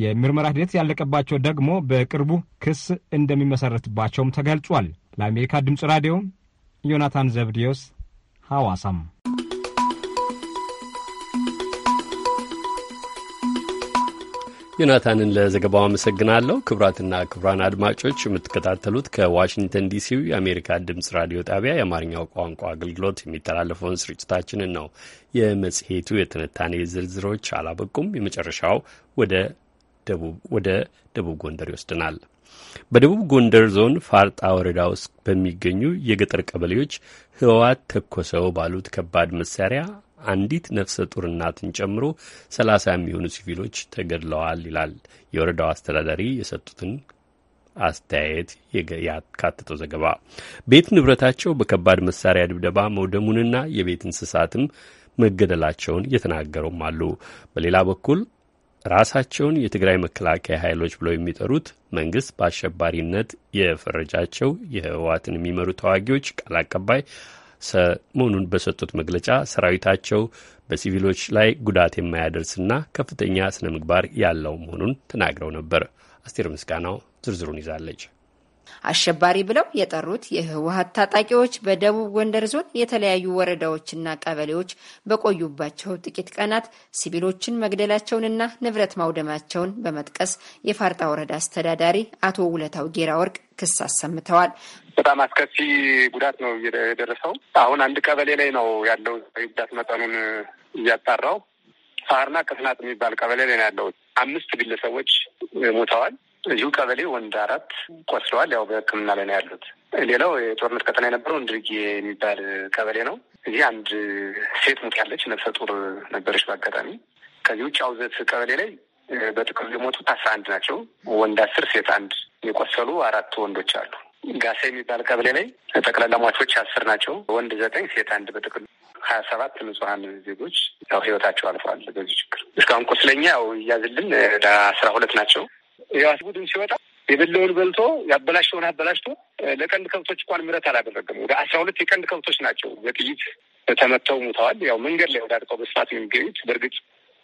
የምርመራ ሂደት ያለቀባቸው ደግሞ በቅርቡ ክስ እንደሚመሰረትባቸውም ተገልጿል። ለአሜሪካ ድምፅ ራዲዮ ዮናታን ዘብዲዮስ ሐዋሳም ዮናታንን ለዘገባው አመሰግናለሁ። ክቡራትና ክቡራን አድማጮች የምትከታተሉት ከዋሽንግተን ዲሲው የአሜሪካ ድምፅ ራዲዮ ጣቢያ የአማርኛው ቋንቋ አገልግሎት የሚተላለፈውን ስርጭታችንን ነው። የመጽሔቱ የትንታኔ ዝርዝሮች አላበቁም። የመጨረሻው ወደ ወደ ደቡብ ጎንደር ይወስድናል። በደቡብ ጎንደር ዞን ፋርጣ ወረዳ ውስጥ በሚገኙ የገጠር ቀበሌዎች ህወሓት ተኮሰው ባሉት ከባድ መሳሪያ አንዲት ነፍሰ ጡር እናትን ጨምሮ ሰላሳ የሚሆኑ ሲቪሎች ተገድለዋል ይላል የወረዳው አስተዳዳሪ የሰጡትን አስተያየት ያካትተው ዘገባ። ቤት ንብረታቸው በከባድ መሳሪያ ድብደባ መውደሙንና የቤት እንስሳትም መገደላቸውን የተናገሩም አሉ። በሌላ በኩል ራሳቸውን የትግራይ መከላከያ ኃይሎች ብለው የሚጠሩት መንግስት በአሸባሪነት የፈረጃቸው የህወሓትን የሚመሩ ተዋጊዎች ቃል አቀባይ ሰሞኑን በሰጡት መግለጫ ሰራዊታቸው በሲቪሎች ላይ ጉዳት የማያደርስና ከፍተኛ ስነ ምግባር ያለው መሆኑን ተናግረው ነበር። አስቴር ምስጋናው ዝርዝሩን ይዛለች። አሸባሪ ብለው የጠሩት የህወሀት ታጣቂዎች በደቡብ ጎንደር ዞን የተለያዩ ወረዳዎችና ቀበሌዎች በቆዩባቸው ጥቂት ቀናት ሲቪሎችን መግደላቸውንና ንብረት ማውደማቸውን በመጥቀስ የፋርጣ ወረዳ አስተዳዳሪ አቶ ውለታው ጌራ ወርቅ ክስ አሰምተዋል። በጣም አስከፊ ጉዳት ነው የደረሰው። አሁን አንድ ቀበሌ ላይ ነው ያለው ጉዳት መጠኑን እያጣራው ሳርና ቅስናት የሚባል ቀበሌ ላይ ነው ያለው። አምስት ግለሰቦች ሞተዋል። እዚሁ ቀበሌ ወንድ አራት ቆስለዋል። ያው በሕክምና ላይ ነው ያሉት። ሌላው የጦርነት ቀጠና የነበረው እንድርጌ የሚባል ቀበሌ ነው። እዚህ አንድ ሴት ሙት ያለች ነፍሰ ጡር ነበረች በአጋጣሚ። ከዚህ ውጭ አውዘት ቀበሌ ላይ በጥቅሉ የሞቱት አስራ አንድ ናቸው። ወንድ አስር ሴት አንድ፣ የቆሰሉ አራት ወንዶች አሉ። ጋሳ የሚባል ቀበሌ ላይ ጠቅላላ ሟቾች አስር ናቸው። ወንድ ዘጠኝ ሴት አንድ፣ በጥቅሉ ሀያ ሰባት ንጹሀን ዜጎች ያው ህይወታቸው አልፏል። በዚህ ችግር እስካሁን ቁስለኛ ያው እያዝልን አስራ ሁለት ናቸው። የዋስ ቡድን ሲወጣ የበለውን በልቶ ያበላሸውን አበላሽቶ ለቀንድ ከብቶች እንኳን ምረት አላደረገም። ወደ አስራ ሁለት የቀንድ ከብቶች ናቸው በጥይት ተመተው ሙተዋል። ያው መንገድ ላይ ወዳድቀው በስፋት የሚገኙት በእርግጥ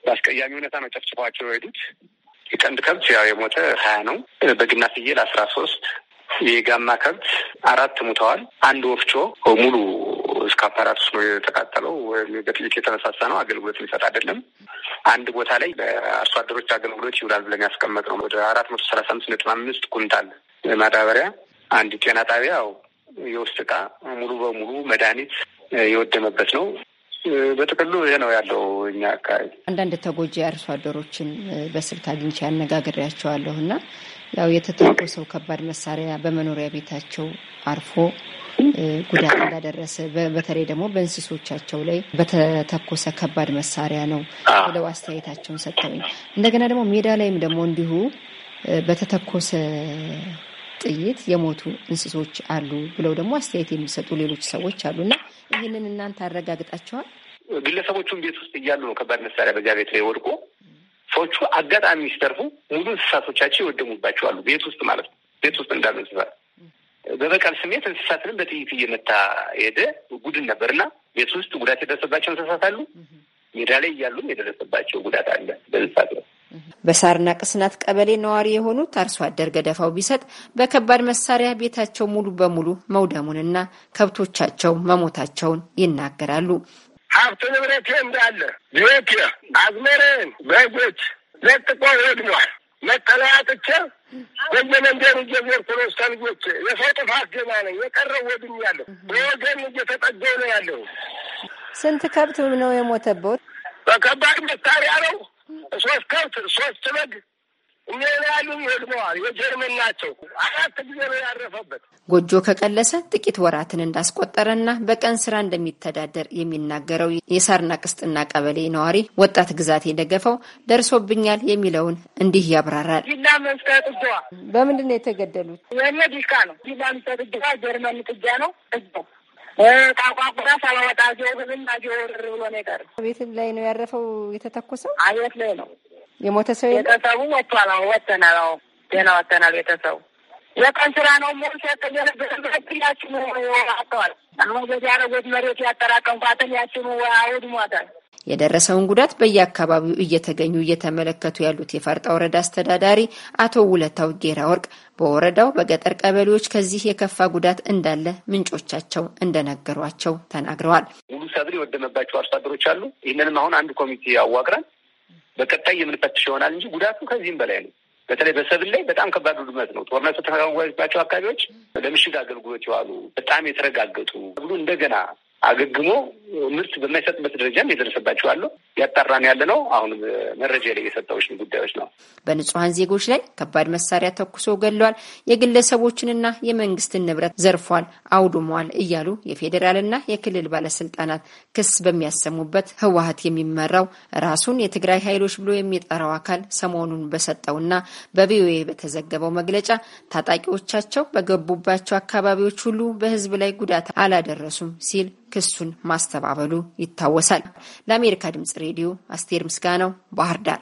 በአስቀያሚ ሁኔታ ነው ጨፍጭፏቸው የሄዱት። የቀንድ ከብት ያው የሞተ ሀያ ነው። በግና ፍየል አስራ ሶስት የጋማ ከብት አራት ሙተዋል። አንድ ወፍጮ ሙሉ እስከ አፓራቱስ ነው የተቃጠለው። በጥይት የተነሳሳ ነው። አገልግሎት የሚሰጥ አይደለም። አንድ ቦታ ላይ ለአርሶ አደሮች አገልግሎት ይውላል ብለን ያስቀመጥ ነው ወደ አራት መቶ ሰላሳ አምስት ነጥብ አምስት ኩንታል ማዳበሪያ፣ አንድ ጤና ጣቢያው የውስጥ እቃ ሙሉ በሙሉ መድኃኒት የወደመበት ነው። በጥቅሉ ይህ ነው ያለው። እኛ አካባቢ አንዳንድ ተጎጂ አርሶ አደሮችን በስልክ አግኝቼ ያነጋግሬያቸዋለሁ እና ያው የተተኮሰው ከባድ መሳሪያ በመኖሪያ ቤታቸው አርፎ ጉዳት እንዳደረሰ በተለይ ደግሞ በእንስሶቻቸው ላይ በተተኮሰ ከባድ መሳሪያ ነው ብለው አስተያየታቸውን ሰጥተውኝ፣ እንደገና ደግሞ ሜዳ ላይም ደግሞ እንዲሁ በተተኮሰ ጥይት የሞቱ እንስሶች አሉ ብለው ደግሞ አስተያየት የሚሰጡ ሌሎች ሰዎች አሉና ይህንን እናንተ አረጋግጣቸዋል? ግለሰቦቹም ቤት ውስጥ እያሉ ነው ከባድ መሳሪያ በዚያ ቤት ላይ ወድቆ ሰዎቹ አጋጣሚ ሲተርፉ ሙሉ እንስሳቶቻቸው ይወደሙባቸዋሉ። ቤት ውስጥ ማለት ነው። ቤት ውስጥ እንዳሉ እንስሳት በበቀል ስሜት እንስሳትንም በጥይት እየመታ ሄደ። ጉድን ነበር እና ቤት ውስጥ ጉዳት የደረሰባቸው እንስሳት አሉ። ሜዳ ላይ እያሉም የደረሰባቸው ጉዳት አለ በእንስሳት ነው። በሳርና ቅስናት ቀበሌ ነዋሪ የሆኑት አርሶ አደር ገደፋው ቢሰጥ በከባድ መሳሪያ ቤታቸው ሙሉ በሙሉ መውደሙንና ከብቶቻቸው መሞታቸውን ይናገራሉ። ሀብት ንብረት እንዳለ ቤቴ፣ አዝመሬን፣ በጎች ለጥቆ ወድሟል። መጠለያ ጥቼ በየመንደሩ እየዞርኩ ነው። ልጆች የሰው ጥፋት ገና ነኝ የቀረው ያለሁ በወገን እየተጠገው ነው ያለሁ። ስንት ከብት ነው የሞተበት? በከባድ መሳሪያ ነው። ሶስት ከብት ሶስት በግ እኛ ያሉ ይወድመዋል። የጀርመን ናቸው። አራት ጊዜ ነው ያረፈበት። ጎጆ ከቀለሰ ጥቂት ወራትን እንዳስቆጠረና በቀን ስራ እንደሚተዳደር የሚናገረው የሳርና ቅስጥና ቀበሌ ነዋሪ ወጣት ግዛት የደገፈው ደርሶብኛል የሚለውን እንዲህ ያብራራል። ዲላ መስጠት እዋ በምንድን ነው የተገደሉት? የእነ ዲካ ነው። ዲላ መስጠት እዋ ጀርመን ጥጃ ነው እው ታቋቁራ ሳላወጣ ዜውግዝና ዜወር ብሎ ነው የቀረ። ቤት ላይ ነው ያረፈው የተተኮሰው አቤት ላይ ነው የሞተ ሰው ቤተሰቡ ወጥቷል። አሁን ወጥተናል። አሁን ደህና ወጥተናል። ቤተሰቡ የቀን ስራ ነው ሞ ያችኑ አተዋል አሁን በዚህ አረጎት መሬት ያጠራቀምኳትን ያችኑ አውድሟታል። የደረሰውን ጉዳት በየአካባቢው እየተገኙ እየተመለከቱ ያሉት የፈርጣ ወረዳ አስተዳዳሪ አቶ ውለታው ጌራ ወርቅ በወረዳው በገጠር ቀበሌዎች ከዚህ የከፋ ጉዳት እንዳለ ምንጮቻቸው እንደነገሯቸው ተናግረዋል። ሙሉ ሰብል የወደመባቸው አርሶ አደሮች አሉ። ይህንንም አሁን አንድ ኮሚቴ አዋቅረን በቀጣይ የምንፈትሽ ይሆናል እንጂ ጉዳቱ ከዚህም በላይ ነው። በተለይ በሰብል ላይ በጣም ከባድ ውድመት ነው። ጦርነት ተካባባባቸው አካባቢዎች ለምሽግ አገልግሎት የዋሉ በጣም የተረጋገጡ ብሉ እንደገና አገግሞ ምርት በማይሰጥበት ደረጃም የደረሰባቸው አሉ። ያጣራን ያለ ነው። አሁን መረጃ ላይ የሰጠዎች ጉዳዮች ነው። በንጹሐን ዜጎች ላይ ከባድ መሳሪያ ተኩሶ ገሏል የግለሰቦችንና የመንግስትን ንብረት ዘርፏል፣ አውድሟል እያሉ የፌዴራልና የክልል ባለስልጣናት ክስ በሚያሰሙበት ህወሀት የሚመራው ራሱን የትግራይ ኃይሎች ብሎ የሚጠራው አካል ሰሞኑን በሰጠውና በቪኦኤ በተዘገበው መግለጫ ታጣቂዎቻቸው በገቡባቸው አካባቢዎች ሁሉ በህዝብ ላይ ጉዳት አላደረሱም ሲል ክሱን ማስተ ማስተባበሉ ይታወሳል። ለአሜሪካ ድምጽ ሬዲዮ አስቴር ምስጋናው ባህር ዳር።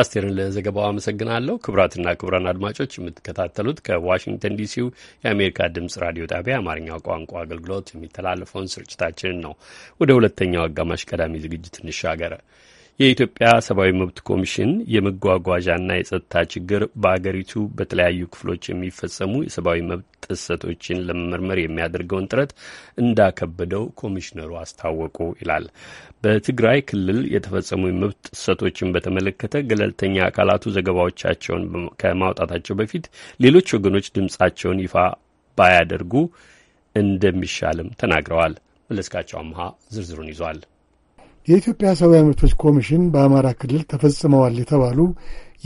አስቴርን ለዘገባው አመሰግናለሁ። ክቡራትና ክቡራን አድማጮች የምትከታተሉት ከዋሽንግተን ዲሲው የአሜሪካ ድምጽ ራዲዮ ጣቢያ አማርኛ ቋንቋ አገልግሎት የሚተላለፈውን ስርጭታችንን ነው። ወደ ሁለተኛው አጋማሽ ቀዳሚ ዝግጅት እንሻገረ። የኢትዮጵያ ሰብአዊ መብት ኮሚሽን የመጓጓዣና የጸጥታ ችግር በአገሪቱ በተለያዩ ክፍሎች የሚፈጸሙ የሰብአዊ መብት ጥሰቶችን ለመመርመር የሚያደርገውን ጥረት እንዳከበደው ኮሚሽነሩ አስታወቁ ይላል። በትግራይ ክልል የተፈጸሙ የመብት ጥሰቶችን በተመለከተ ገለልተኛ አካላቱ ዘገባዎቻቸውን ከማውጣታቸው በፊት ሌሎች ወገኖች ድምጻቸውን ይፋ ባያደርጉ እንደሚሻልም ተናግረዋል። መለስካቸው አምሃ ዝርዝሩን ይዟል። የኢትዮጵያ ሰብአዊ መብቶች ኮሚሽን በአማራ ክልል ተፈጽመዋል የተባሉ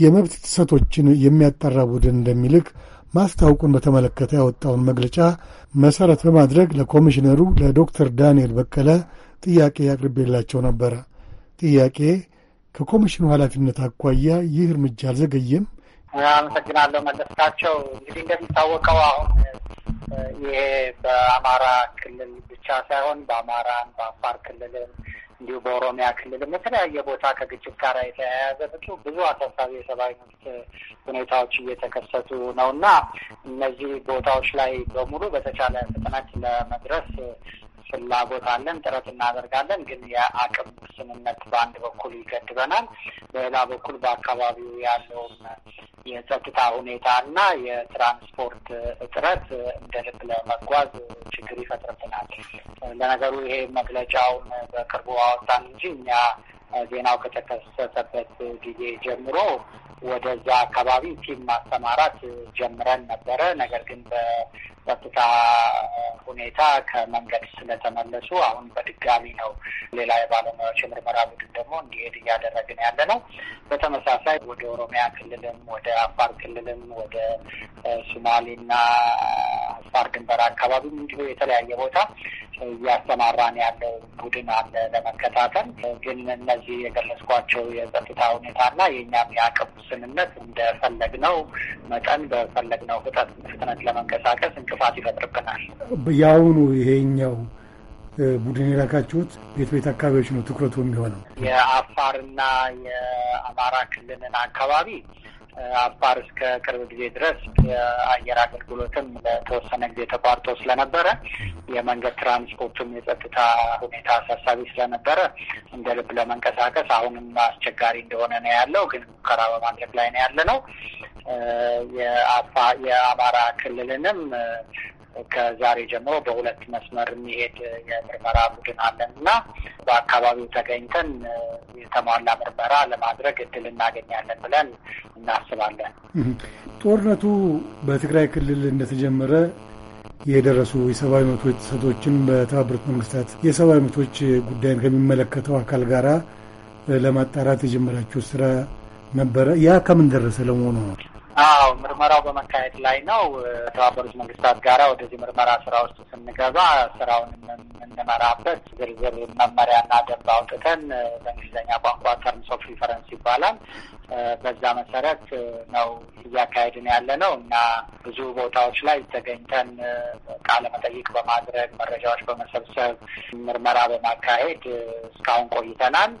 የመብት ጥሰቶችን የሚያጠራ ቡድን እንደሚልክ ማስታወቁን በተመለከተ ያወጣውን መግለጫ መሠረት በማድረግ ለኮሚሽነሩ ለዶክተር ዳንኤል በቀለ ጥያቄ ያቅርቤላቸው ነበረ። ጥያቄ ከኮሚሽኑ ኃላፊነት አኳያ ይህ እርምጃ አልዘገየም? አመሰግናለሁ መለስካቸው። እንግዲህ እንደሚታወቀው አሁን ይሄ በአማራ ክልል ብቻ ሳይሆን በአማራን በአፋር ክልልም እንዲሁ በኦሮሚያ ክልልም የተለያየ ቦታ ከግጭት ጋር የተያያዘ ብዙ አሳሳቢ የሰብአዊ መብት ሁኔታዎች እየተከሰቱ ነው እና እነዚህ ቦታዎች ላይ በሙሉ በተቻለ ፍጥነት ለመድረስ ፍላጎት አለን፣ ጥረት እናደርጋለን። ግን የአቅም ውስንነት በአንድ በኩል ይገድበናል፣ በሌላ በኩል በአካባቢው ያለውን የጸጥታ ሁኔታ እና የትራንስፖርት እጥረት እንደ ልብ ለመጓዝ ችግር ይፈጥርብናል። ለነገሩ ይሄ መግለጫውን በቅርቡ አወጣን እንጂ እኛ ዜናው ከተከሰተበት ጊዜ ጀምሮ ወደዛ አካባቢ ቲም ማሰማራት ጀምረን ነበረ። ነገር ግን ጸጥታ ሁኔታ ከመንገድ ስለተመለሱ አሁን በድጋሚ ነው ሌላ የባለሙያዎች የምርመራ ቡድን ደግሞ እንዲሄድ እያደረግን ያለ ነው። በተመሳሳይ ወደ ኦሮሚያ ክልልም ወደ አፋር ክልልም ወደ ሱማሌና አፋር ድንበር አካባቢም እንዲሁ የተለያየ ቦታ እያስተማራን ያለው ቡድን አለ ለመከታተል። ግን እነዚህ የገለጽኳቸው የጸጥታ ሁኔታና የእኛም የአቅም ውስንነት እንደፈለግነው መጠን በፈለግነው ፍጥነት ለመንቀሳቀስ እንቅ እንቅፋት ይፈጥርብናል። የአሁኑ ይሄኛው ቡድን የላካችሁት ቤት ቤት አካባቢዎች ነው ትኩረቱ የሚሆነው የአፋርና የአማራ ክልልን አካባቢ አፋር እስከ ቅርብ ጊዜ ድረስ የአየር አገልግሎትም ለተወሰነ ጊዜ ተቋርጦ ስለነበረ የመንገድ ትራንስፖርቱም የጸጥታ ሁኔታ አሳሳቢ ስለነበረ እንደ ልብ ለመንቀሳቀስ አሁንም አስቸጋሪ እንደሆነ ነው ያለው። ግን ሙከራ በማድረግ ላይ ነው ያለ ነው። የአፋ የአማራ ክልልንም ከዛሬ ጀምሮ በሁለት መስመር የሚሄድ የምርመራ ቡድን አለን እና በአካባቢው ተገኝተን የተሟላ ምርመራ ለማድረግ እድል እናገኛለን ብለን እናስባለን። ጦርነቱ በትግራይ ክልል እንደተጀመረ የደረሱ የሰብአዊ መብቶች ጥሰቶችን በተባበሩት መንግስታት የሰብአዊ መብቶች ጉዳይን ከሚመለከተው አካል ጋራ ለማጣራት የጀመራችሁ ስራ ነበረ። ያ ከምን ደረሰ ለመሆኑ ነው? አዎ ምርመራው በመካሄድ ላይ ነው። ከተባበሩት መንግስታት ጋራ ወደዚህ ምርመራ ስራ ውስጥ ስንገባ ስራውን የምንመራበት ዝርዝር መመሪያና ደንብ አውጥተን በእንግሊዝኛ ቋንቋ ተርምስ ኦፍ ሪፈረንስ ይባላል። በዛ መሰረት ነው እያካሄድን ያለ ነው እና ብዙ ቦታዎች ላይ ተገኝተን ቃለ መጠይቅ በማድረግ መረጃዎች በመሰብሰብ ምርመራ በማካሄድ እስካሁን ቆይተናል።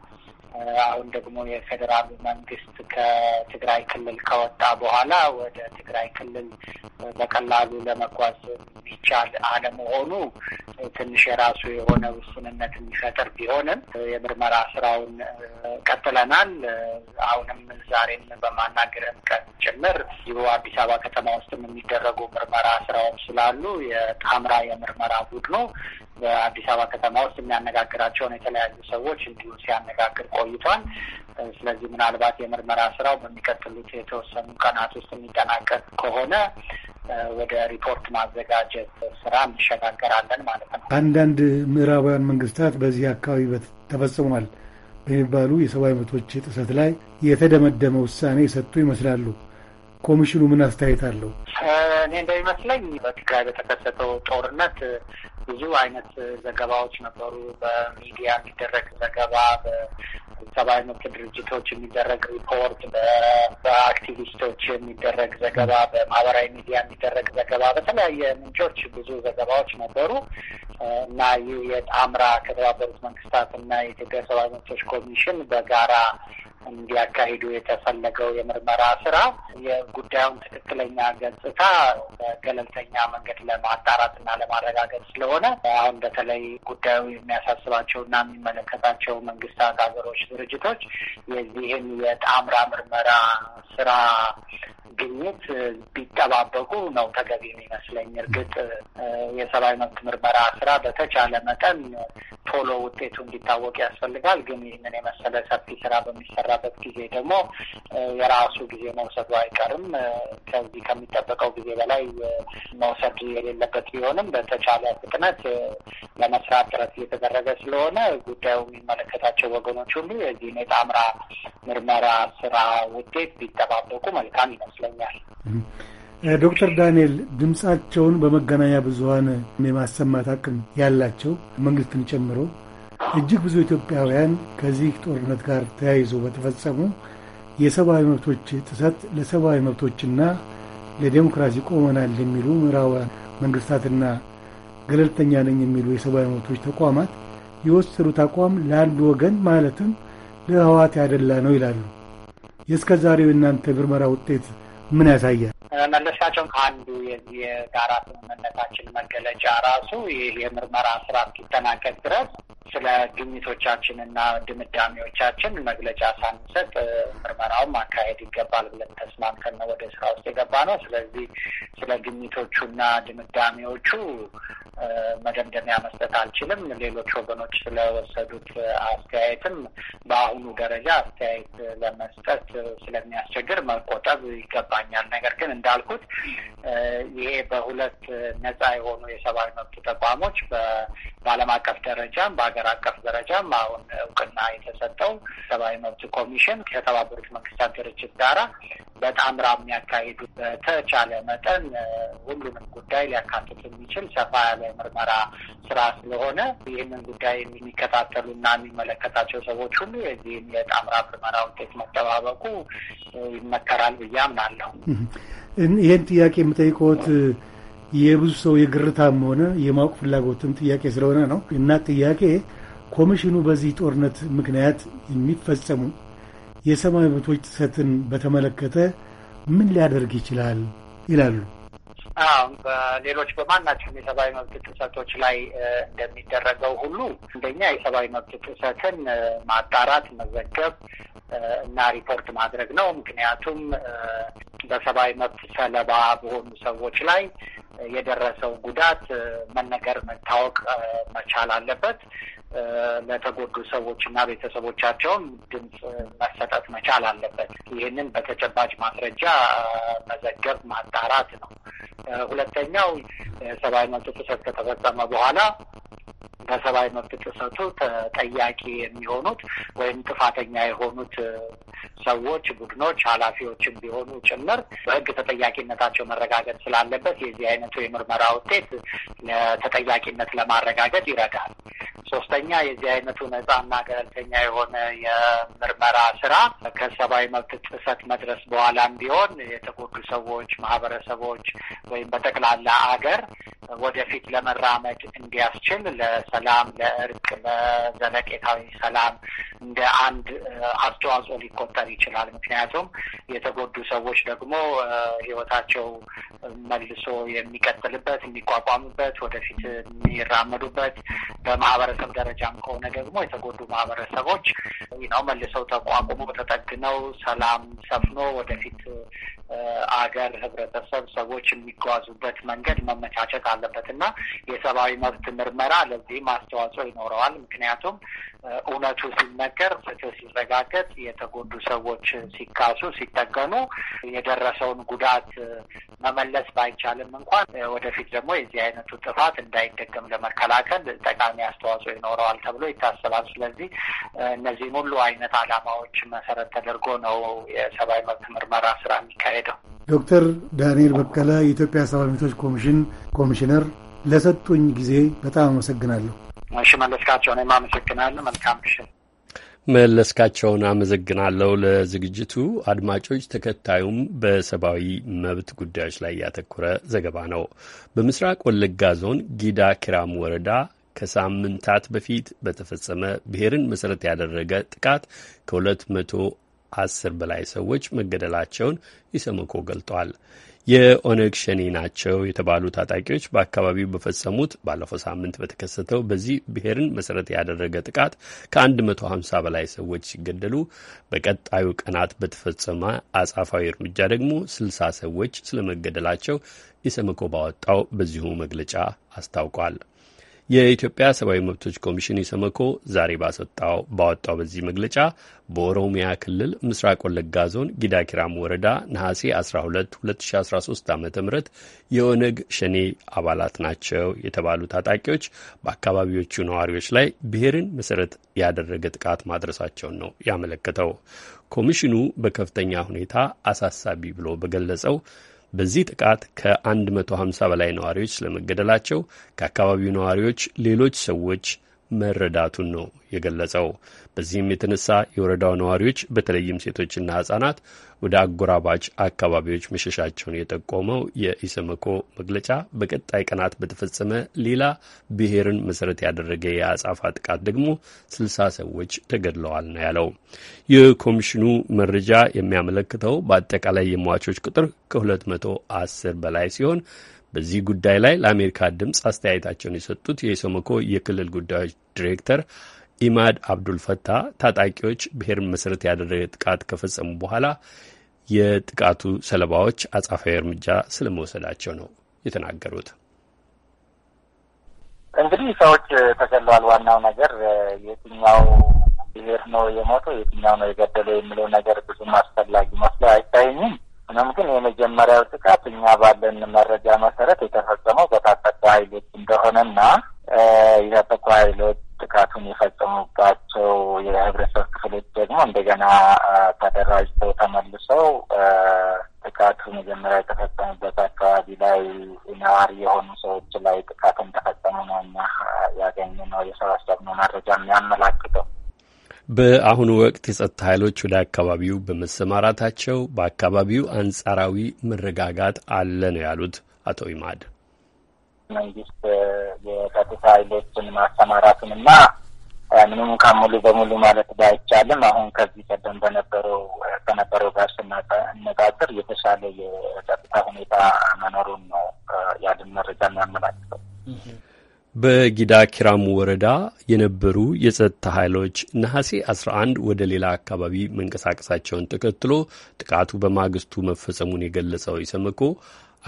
አሁን ደግሞ የፌዴራሉ መንግስት ከትግራይ ክልል ከወጣ በኋላ ወደ ትግራይ ክልል በቀላሉ ለመጓዝ የሚቻል አለመሆኑ ትንሽ የራሱ የሆነ ውሱንነት የሚፈጥር ቢሆንም የምርመራ ስራውን ቀጥለናል። አሁንም ዛሬም በማናገረን ቀን ጭምር ይሁ አዲስ አበባ ከተማ ውስጥም የሚደረጉ ምርመራ ስራዎች ስላሉ የጣምራ የምርመራ ቡድኑ በአዲስ አበባ ከተማ ውስጥ የሚያነጋግራቸውን የተለያዩ ሰዎች እንዲሁ ሲያነጋግር ቆ ቆይቷል። ስለዚህ ምናልባት የምርመራ ስራው በሚቀጥሉት የተወሰኑ ቀናት ውስጥ የሚጠናቀቅ ከሆነ ወደ ሪፖርት ማዘጋጀት ስራ እንሸጋገራለን ማለት ነው። አንዳንድ ምዕራባውያን መንግስታት በዚህ አካባቢ ተፈጽሟል በሚባሉ የሰብአዊ መብቶች ጥሰት ላይ የተደመደመ ውሳኔ የሰጡ ይመስላሉ። ኮሚሽኑ ምን አስተያየት አለው? እኔ እንደሚመስለኝ በትግራይ በተከሰተው ጦርነት ብዙ አይነት ዘገባዎች ነበሩ። በሚዲያ የሚደረግ ዘገባ፣ በሰብአዊ መብት ድርጅቶች የሚደረግ ሪፖርት፣ በአክቲቪስቶች የሚደረግ ዘገባ፣ በማህበራዊ ሚዲያ የሚደረግ ዘገባ፣ በተለያየ ምንጮች ብዙ ዘገባዎች ነበሩ እና ይህ የጣምራ ከተባበሩት መንግስታት እና የኢትዮጵያ ሰብአዊ መብቶች ኮሚሽን በጋራ እንዲያካሂዱ የተፈለገው የምርመራ ስራ የጉዳዩን ትክክለኛ ገጽታ በገለልተኛ መንገድ ለማጣራት እና ለማረጋገጥ ስለሆነ አሁን በተለይ ጉዳዩ የሚያሳስባቸው እና የሚመለከታቸው መንግስታት፣ ሀገሮች፣ ድርጅቶች የዚህን የጣምራ ምርመራ ስራ ግኝት ቢጠባበቁ ነው ተገቢ የሚመስለኝ። እርግጥ የሰብአዊ መብት ምርመራ ስራ በተቻለ መጠን ቶሎ ውጤቱ እንዲታወቅ ያስፈልጋል። ግን ይህንን የመሰለ ሰፊ ስራ በሚሰራ በሚሰራበት ጊዜ ደግሞ የራሱ ጊዜ መውሰዱ አይቀርም። ከዚህ ከሚጠበቀው ጊዜ በላይ መውሰድ የሌለበት ቢሆንም በተቻለ ፍጥነት ለመስራት ጥረት እየተደረገ ስለሆነ ጉዳዩ የሚመለከታቸው ወገኖች ሁሉ የዚህን የጣምራ ምርመራ ስራ ውጤት ቢጠባበቁ መልካም ይመስለኛል። ዶክተር ዳንኤል ድምፃቸውን በመገናኛ ብዙኃን የማሰማት አቅም ያላቸው መንግስትን ጨምሮ እጅግ ብዙ ኢትዮጵያውያን ከዚህ ጦርነት ጋር ተያይዞ በተፈጸሙ የሰብአዊ መብቶች ጥሰት ለሰብአዊ መብቶችና ለዴሞክራሲ ቆመናል የሚሉ ምዕራባውያን መንግስታትና ገለልተኛ ነኝ የሚሉ የሰብአዊ መብቶች ተቋማት የወሰዱት አቋም ለአንድ ወገን ማለትም ለህዋት ያደላ ነው ይላሉ። የእስከ ዛሬው የእናንተ ምርመራ ውጤት ምን ያሳያል? መለሻቸው ከአንዱ የዚህ የጋራ ስምምነታችን መገለጫ ራሱ ይህ የምርመራ ስራ እስኪጠናቀቅ ድረስ ስለ ግኝቶቻችን እና ድምዳሜዎቻችን መግለጫ ሳንሰጥ ምርመራውን ማካሄድ ይገባል ብለን ተስማምተን ነው ወደ ስራ ውስጥ የገባ ነው። ስለዚህ ስለ ግኝቶቹና ድምዳሜዎቹ መደምደሚያ መስጠት አልችልም። ሌሎች ወገኖች ስለወሰዱት አስተያየትም በአሁኑ ደረጃ አስተያየት ለመስጠት ስለሚያስቸግር መቆጠብ ይገባል። ይገባኛል። ነገር ግን እንዳልኩት ይሄ በሁለት ነጻ የሆኑ የሰብአዊ መብት ተቋሞች በዓለም አቀፍ ደረጃም በሀገር አቀፍ ደረጃም አሁን እውቅና የተሰጠው ሰብአዊ መብት ኮሚሽን ከተባበሩት መንግስታት ድርጅት ጋራ በጣምራ የሚያካሂዱ በተቻለ መጠን ሁሉንም ጉዳይ ሊያካትት የሚችል ሰፋ ያለ ምርመራ ስራ ስለሆነ ይህንን ጉዳይ የሚከታተሉና የሚመለከታቸው ሰዎች ሁሉ የዚህም የጣምራ ምርመራ ውጤት መጠባበቁ ይመከራል ብዬ አምናለሁ። ነው። ይህን ጥያቄ የምጠይቀዎት የብዙ ሰው የግርታም ሆነ የማወቅ ፍላጎትም ጥያቄ ስለሆነ ነው እና ጥያቄ ኮሚሽኑ በዚህ ጦርነት ምክንያት የሚፈጸሙ የሰብአዊ መብቶች ጥሰትን በተመለከተ ምን ሊያደርግ ይችላል ይላሉ? በሌሎች በማናቸውም የሰብአዊ መብት ጥሰቶች ላይ እንደሚደረገው ሁሉ አንደኛ የሰብአዊ መብት ጥሰትን ማጣራት፣ መዘገብ እና ሪፖርት ማድረግ ነው። ምክንያቱም በሰብአዊ መብት ሰለባ በሆኑ ሰዎች ላይ የደረሰው ጉዳት መነገር፣ መታወቅ መቻል አለበት። ለተጎዱ ሰዎች እና ቤተሰቦቻቸውም ድምፅ መሰጠት መቻል አለበት። ይህንን በተጨባጭ ማስረጃ መዘገብ ማጣራት ነው። ሁለተኛው ሰብአዊ መብት ጥሰት ከተፈጸመ በኋላ በሰብአዊ መብት ጥሰቱ ተጠያቂ የሚሆኑት ወይም ጥፋተኛ የሆኑት ሰዎች፣ ቡድኖች፣ ኃላፊዎችም ቢሆኑ ጭምር በሕግ ተጠያቂነታቸው መረጋገጥ ስላለበት የዚህ አይነቱ የምርመራ ውጤት ለተጠያቂነት ለማረጋገጥ ይረዳል። ሶስተ አንደኛ የዚህ አይነቱ ነጻና ገለልተኛ የሆነ የምርመራ ስራ ከሰብአዊ መብት ጥሰት መድረስ በኋላም ቢሆን የተጎዱ ሰዎች፣ ማህበረሰቦች ወይም በጠቅላላ አገር ወደፊት ለመራመድ እንዲያስችል ለሰላም፣ ለእርቅ፣ ለዘለቄታዊ ሰላም እንደ አንድ አስተዋጽኦ ሊቆጠር ይችላል። ምክንያቱም የተጎዱ ሰዎች ደግሞ ህይወታቸው መልሶ የሚቀጥልበት የሚቋቋሙበት፣ ወደፊት የሚራመዱበት በማህበረሰብ ደረጃም ከሆነ ደግሞ የተጎዱ ማህበረሰቦች ነው መልሰው ተቋቁመው ተጠግነው ሰላም ሰፍኖ ወደፊት አገር፣ ህብረተሰብ፣ ሰዎች የሚጓዙበት መንገድ መመቻቸት አለበት እና የሰብአዊ መብት ምርመራ ለዚህም አስተዋጽኦ ይኖረዋል። ምክንያቱም እውነቱ ሲነገር፣ ፍትህ ሲረጋገጥ፣ የተጎዱ ሰዎች ሲካሱ፣ ሲጠገኑ የደረሰውን ጉዳት መመለስ ባይቻልም እንኳን ወደፊት ደግሞ የዚህ አይነቱ ጥፋት እንዳይደገም ለመከላከል ጠቃሚ አስተዋጽኦ ይኖረዋል። ይኖረዋል ተብሎ ይታሰባል። ስለዚህ እነዚህን ሁሉ አይነት አላማዎች መሰረት ተደርጎ ነው የሰብአዊ መብት ምርመራ ስራ የሚካሄደው። ዶክተር ዳንኤል በቀለ የኢትዮጵያ ሰብአዊ መብቶች ኮሚሽን ኮሚሽነር፣ ለሰጡኝ ጊዜ በጣም አመሰግናለሁ። እሺ መለስካቸው፣ እኔም አመሰግናለሁ። መልካም ምሽት። መለስካቸውን አመሰግናለሁ ለዝግጅቱ። አድማጮች፣ ተከታዩም በሰብአዊ መብት ጉዳዮች ላይ ያተኮረ ዘገባ ነው። በምስራቅ ወለጋ ዞን ጊዳ ኪራም ወረዳ ከሳምንታት በፊት በተፈጸመ ብሔርን መሠረት ያደረገ ጥቃት ከሁለት መቶ አስር በላይ ሰዎች መገደላቸውን ኢሰመኮ ገልጧል። የኦነግ ሸኔ ናቸው የተባሉ ታጣቂዎች በአካባቢው በፈጸሙት ባለፈው ሳምንት በተከሰተው በዚህ ብሔርን መሠረት ያደረገ ጥቃት ከ150 በላይ ሰዎች ሲገደሉ በቀጣዩ ቀናት በተፈጸመ አጻፋዊ እርምጃ ደግሞ 60 ሰዎች ስለመገደላቸው ኢሰመኮ ባወጣው በዚሁ መግለጫ አስታውቋል። የኢትዮጵያ ሰብአዊ መብቶች ኮሚሽን ኢሰመኮ ዛሬ ባወጣው በዚህ መግለጫ በኦሮሚያ ክልል ምስራቅ ወለጋ ዞን ጊዳኪራም ወረዳ ነሐሴ 12 2013 ዓ ም የኦነግ ሸኔ አባላት ናቸው የተባሉ ታጣቂዎች በአካባቢዎቹ ነዋሪዎች ላይ ብሔርን መሰረት ያደረገ ጥቃት ማድረሳቸውን ነው ያመለከተው። ኮሚሽኑ በከፍተኛ ሁኔታ አሳሳቢ ብሎ በገለጸው በዚህ ጥቃት ከ150 በላይ ነዋሪዎች ስለመገደላቸው ከአካባቢው ነዋሪዎች ሌሎች ሰዎች መረዳቱን ነው የገለጸው። በዚህም የተነሳ የወረዳው ነዋሪዎች በተለይም ሴቶችና ህጻናት ወደ አጎራባች አካባቢዎች መሸሻቸውን የጠቆመው የኢሰመኮ መግለጫ በቀጣይ ቀናት በተፈጸመ ሌላ ብሔርን መሰረት ያደረገ የአጻፋ ጥቃት ደግሞ ስልሳ ሰዎች ተገድለዋል ነው ያለው። የኮሚሽኑ መረጃ የሚያመለክተው በአጠቃላይ የሟቾች ቁጥር ከሁለት መቶ አስር በላይ ሲሆን በዚህ ጉዳይ ላይ ለአሜሪካ ድምፅ አስተያየታቸውን የሰጡት የኢሰመኮ የክልል ጉዳዮች ዲሬክተር ኢማድ አብዱልፈታ ታጣቂዎች ብሔር መሰረት ያደረገ ጥቃት ከፈጸሙ በኋላ የጥቃቱ ሰለባዎች አጻፋዊ እርምጃ ስለመውሰዳቸው ነው የተናገሩት። እንግዲህ ሰዎች ተገለዋል። ዋናው ነገር የትኛው ብሔር ነው የሞተው፣ የትኛው ነው የገደለው የሚለው ነገር ብዙም አስፈላጊ መስሎ አይታየኝም። ሆኖም ግን የመጀመሪያው ጥቃት እኛ ባለን መረጃ መሰረት የተፈጸመው በታጠቁ ኃይሎች እንደሆነና የታጠቁ ኃይሎች ጥቃቱን የፈጸሙባቸው የህብረተሰብ ክፍሎች ደግሞ እንደገና ተደራጅተው ተመልሰው ጥቃቱ መጀመሪያ የተፈጸሙበት አካባቢ ላይ ነዋሪ የሆኑ ሰዎች ላይ ጥቃቱን ተፈጸሙ ነው እኛ ያገኘነው የሰበሰብነው መረጃ የሚያመላክተው። በአሁኑ ወቅት የጸጥታ ኃይሎች ወደ አካባቢው በመሰማራታቸው በአካባቢው አንጻራዊ መረጋጋት አለ ነው ያሉት አቶ ይማድ። መንግስት የጸጥታ ኃይሎችን ማሰማራቱን እና ምንም እንኳን ሙሉ በሙሉ ማለት ባይቻልም አሁን ከዚህ ቀደም በነበረው ከነበረው ጋር ስናነጻጽር የተሻለ የጸጥታ ሁኔታ መኖሩን ነው ያለን መረጃ የሚያመላክተው። በጊዳ ኪራሙ ወረዳ የነበሩ የጸጥታ ኃይሎች ነሐሴ 11 ወደ ሌላ አካባቢ መንቀሳቀሳቸውን ተከትሎ ጥቃቱ በማግስቱ መፈጸሙን የገለጸው ኢሰመኮ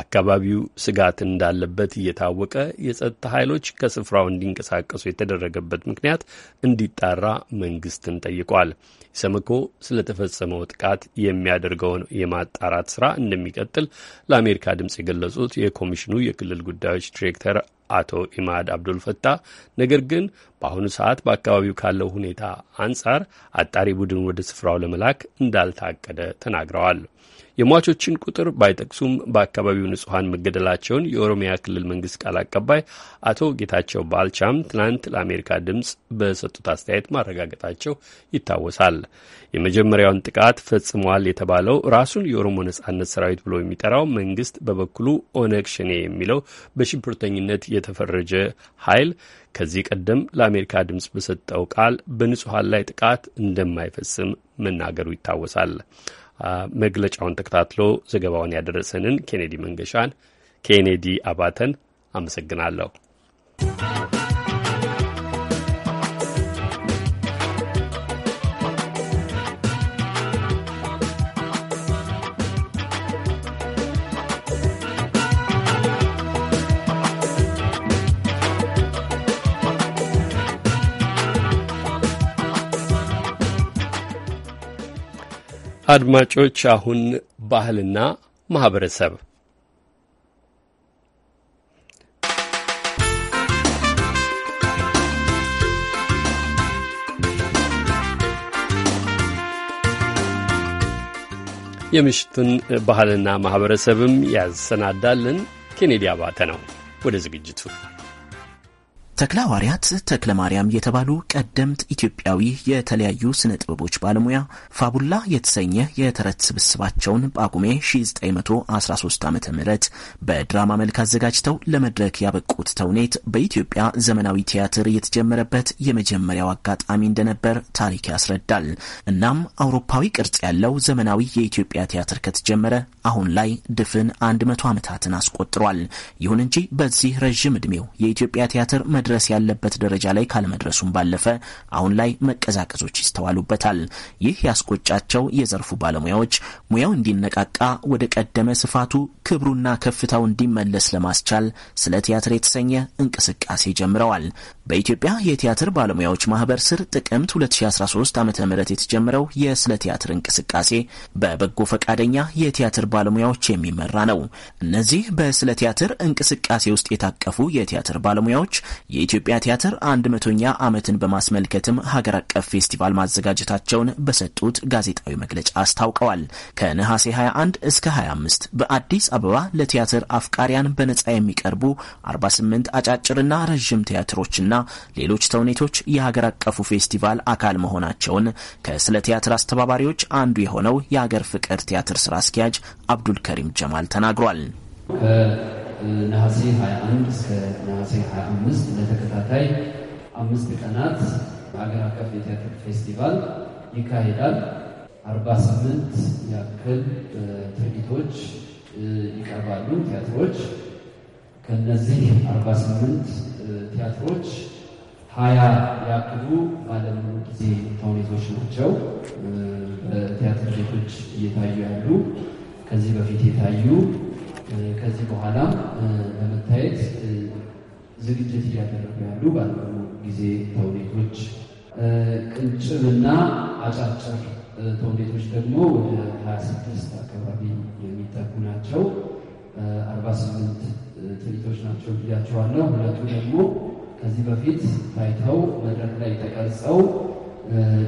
አካባቢው ስጋት እንዳለበት እየታወቀ የጸጥታ ኃይሎች ከስፍራው እንዲንቀሳቀሱ የተደረገበት ምክንያት እንዲጣራ መንግስትን ጠይቋል። ኢሰመኮ ስለተፈጸመው ጥቃት የሚያደርገውን የማጣራት ስራ እንደሚቀጥል ለአሜሪካ ድምፅ የገለጹት የኮሚሽኑ የክልል ጉዳዮች ዲሬክተር አቶ ኢማድ አብዱልፈታ ፈታ ነገር ግን በአሁኑ ሰዓት በአካባቢው ካለው ሁኔታ አንጻር አጣሪ ቡድን ወደ ስፍራው ለመላክ እንዳልታቀደ ተናግረዋል። የሟቾችን ቁጥር ባይጠቅሱም በአካባቢው ንጹሐን መገደላቸውን የኦሮሚያ ክልል መንግስት ቃል አቀባይ አቶ ጌታቸው ባልቻም ትናንት ለአሜሪካ ድምፅ በሰጡት አስተያየት ማረጋገጣቸው ይታወሳል። የመጀመሪያውን ጥቃት ፈጽሟል የተባለው ራሱን የኦሮሞ ነጻነት ሰራዊት ብሎ የሚጠራው መንግስት በበኩሉ ኦነግ ሸኔ የሚለው በሽብርተኝነት የተፈረጀ ኃይል ከዚህ ቀደም ለአሜሪካ ድምፅ በሰጠው ቃል በንጹሐን ላይ ጥቃት እንደማይፈጽም መናገሩ ይታወሳል። መግለጫውን ተከታትሎ ዘገባውን ያደረሰንን ኬኔዲ መንገሻን ኬኔዲ አባተን አመሰግናለሁ። አድማጮች፣ አሁን ባህልና ማህበረሰብ የምሽቱን ባህልና ማህበረሰብም ያሰናዳልን ኬኔዲ አባተ ነው። ወደ ዝግጅቱ ተክለ ሐዋርያት ተክለ ማርያም የተባሉ ቀደምት ኢትዮጵያዊ የተለያዩ ስነ ጥበቦች ባለሙያ ፋቡላ የተሰኘ የተረት ስብስባቸውን በጳጉሜ 1913 ዓ ም በድራማ መልክ አዘጋጅተው ለመድረክ ያበቁት ተውኔት በኢትዮጵያ ዘመናዊ ቲያትር የተጀመረበት የመጀመሪያው አጋጣሚ እንደነበር ታሪክ ያስረዳል። እናም አውሮፓዊ ቅርጽ ያለው ዘመናዊ የኢትዮጵያ ቲያትር ከተጀመረ አሁን ላይ ድፍን አንድ መቶ ዓመታትን አስቆጥሯል። ይሁን እንጂ በዚህ ረዥም ዕድሜው የኢትዮጵያ ቲያትር መድረስ ያለበት ደረጃ ላይ ካለመድረሱም ባለፈ አሁን ላይ መቀዛቀዞች ይስተዋሉበታል። ይህ ያስቆጫቸው የዘርፉ ባለሙያዎች ሙያው እንዲነቃቃ ወደ ቀደመ ስፋቱ ክብሩና ከፍታው እንዲመለስ ለማስቻል ስለ ቲያትር የተሰኘ እንቅስቃሴ ጀምረዋል። በኢትዮጵያ የቲያትር ባለሙያዎች ማህበር ስር ጥቅምት 2013 ዓ ም የተጀመረው የስለ ቲያትር እንቅስቃሴ በበጎ ፈቃደኛ የቲያትር ባለሙያዎች የሚመራ ነው። እነዚህ በስለ ቲያትር እንቅስቃሴ ውስጥ የታቀፉ የቲያትር ባለሙያዎች የኢትዮጵያ ቲያትር አንድ መቶኛ ዓመትን በማስመልከትም ሀገር አቀፍ ፌስቲቫል ማዘጋጀታቸውን በሰጡት ጋዜጣዊ መግለጫ አስታውቀዋል። ከነሐሴ 21 እስከ 25 በአዲስ አበባ ለቲያትር አፍቃሪያን በነጻ የሚቀርቡ 48 አጫጭርና ረዥም ቲያትሮችና ሌሎች ተውኔቶች የሀገር አቀፉ ፌስቲቫል አካል መሆናቸውን ከስለ ቲያትር አስተባባሪዎች አንዱ የሆነው የሀገር ፍቅር ቲያትር ስራ አስኪያጅ አብዱል ከሪም ጀማል ተናግሯል። ከነሐሴ 21 እስከ ነሐሴ 25 ለተከታታይ አምስት ቀናት በሀገር አቀፍ የቲያትር ፌስቲቫል ይካሄዳል። 48 ያክል ትርኢቶች ይቀርባሉ ቲያትሮች። ከነዚህ 48 ቲያትሮች ሀያ ያክሉ ባለሙሉ ጊዜ ተውኔቶች ናቸው በቲያትር ቤቶች እየታዩ ያሉ ከዚህ በፊት የታዩ ከዚህ በኋላ ለመታየት ዝግጅት እያደረጉ ያሉ ባለሙ ጊዜ ተውኔቶች ቅንጭብና አጫጭር ተውኔቶች ደግሞ ወደ 26 አካባቢ የሚጠጉ ናቸው። 48 ትርኢቶች ናቸው ብያቸዋለሁ። ሁለቱ ደግሞ ከዚህ በፊት ታይተው መድረክ ላይ ተቀርጸው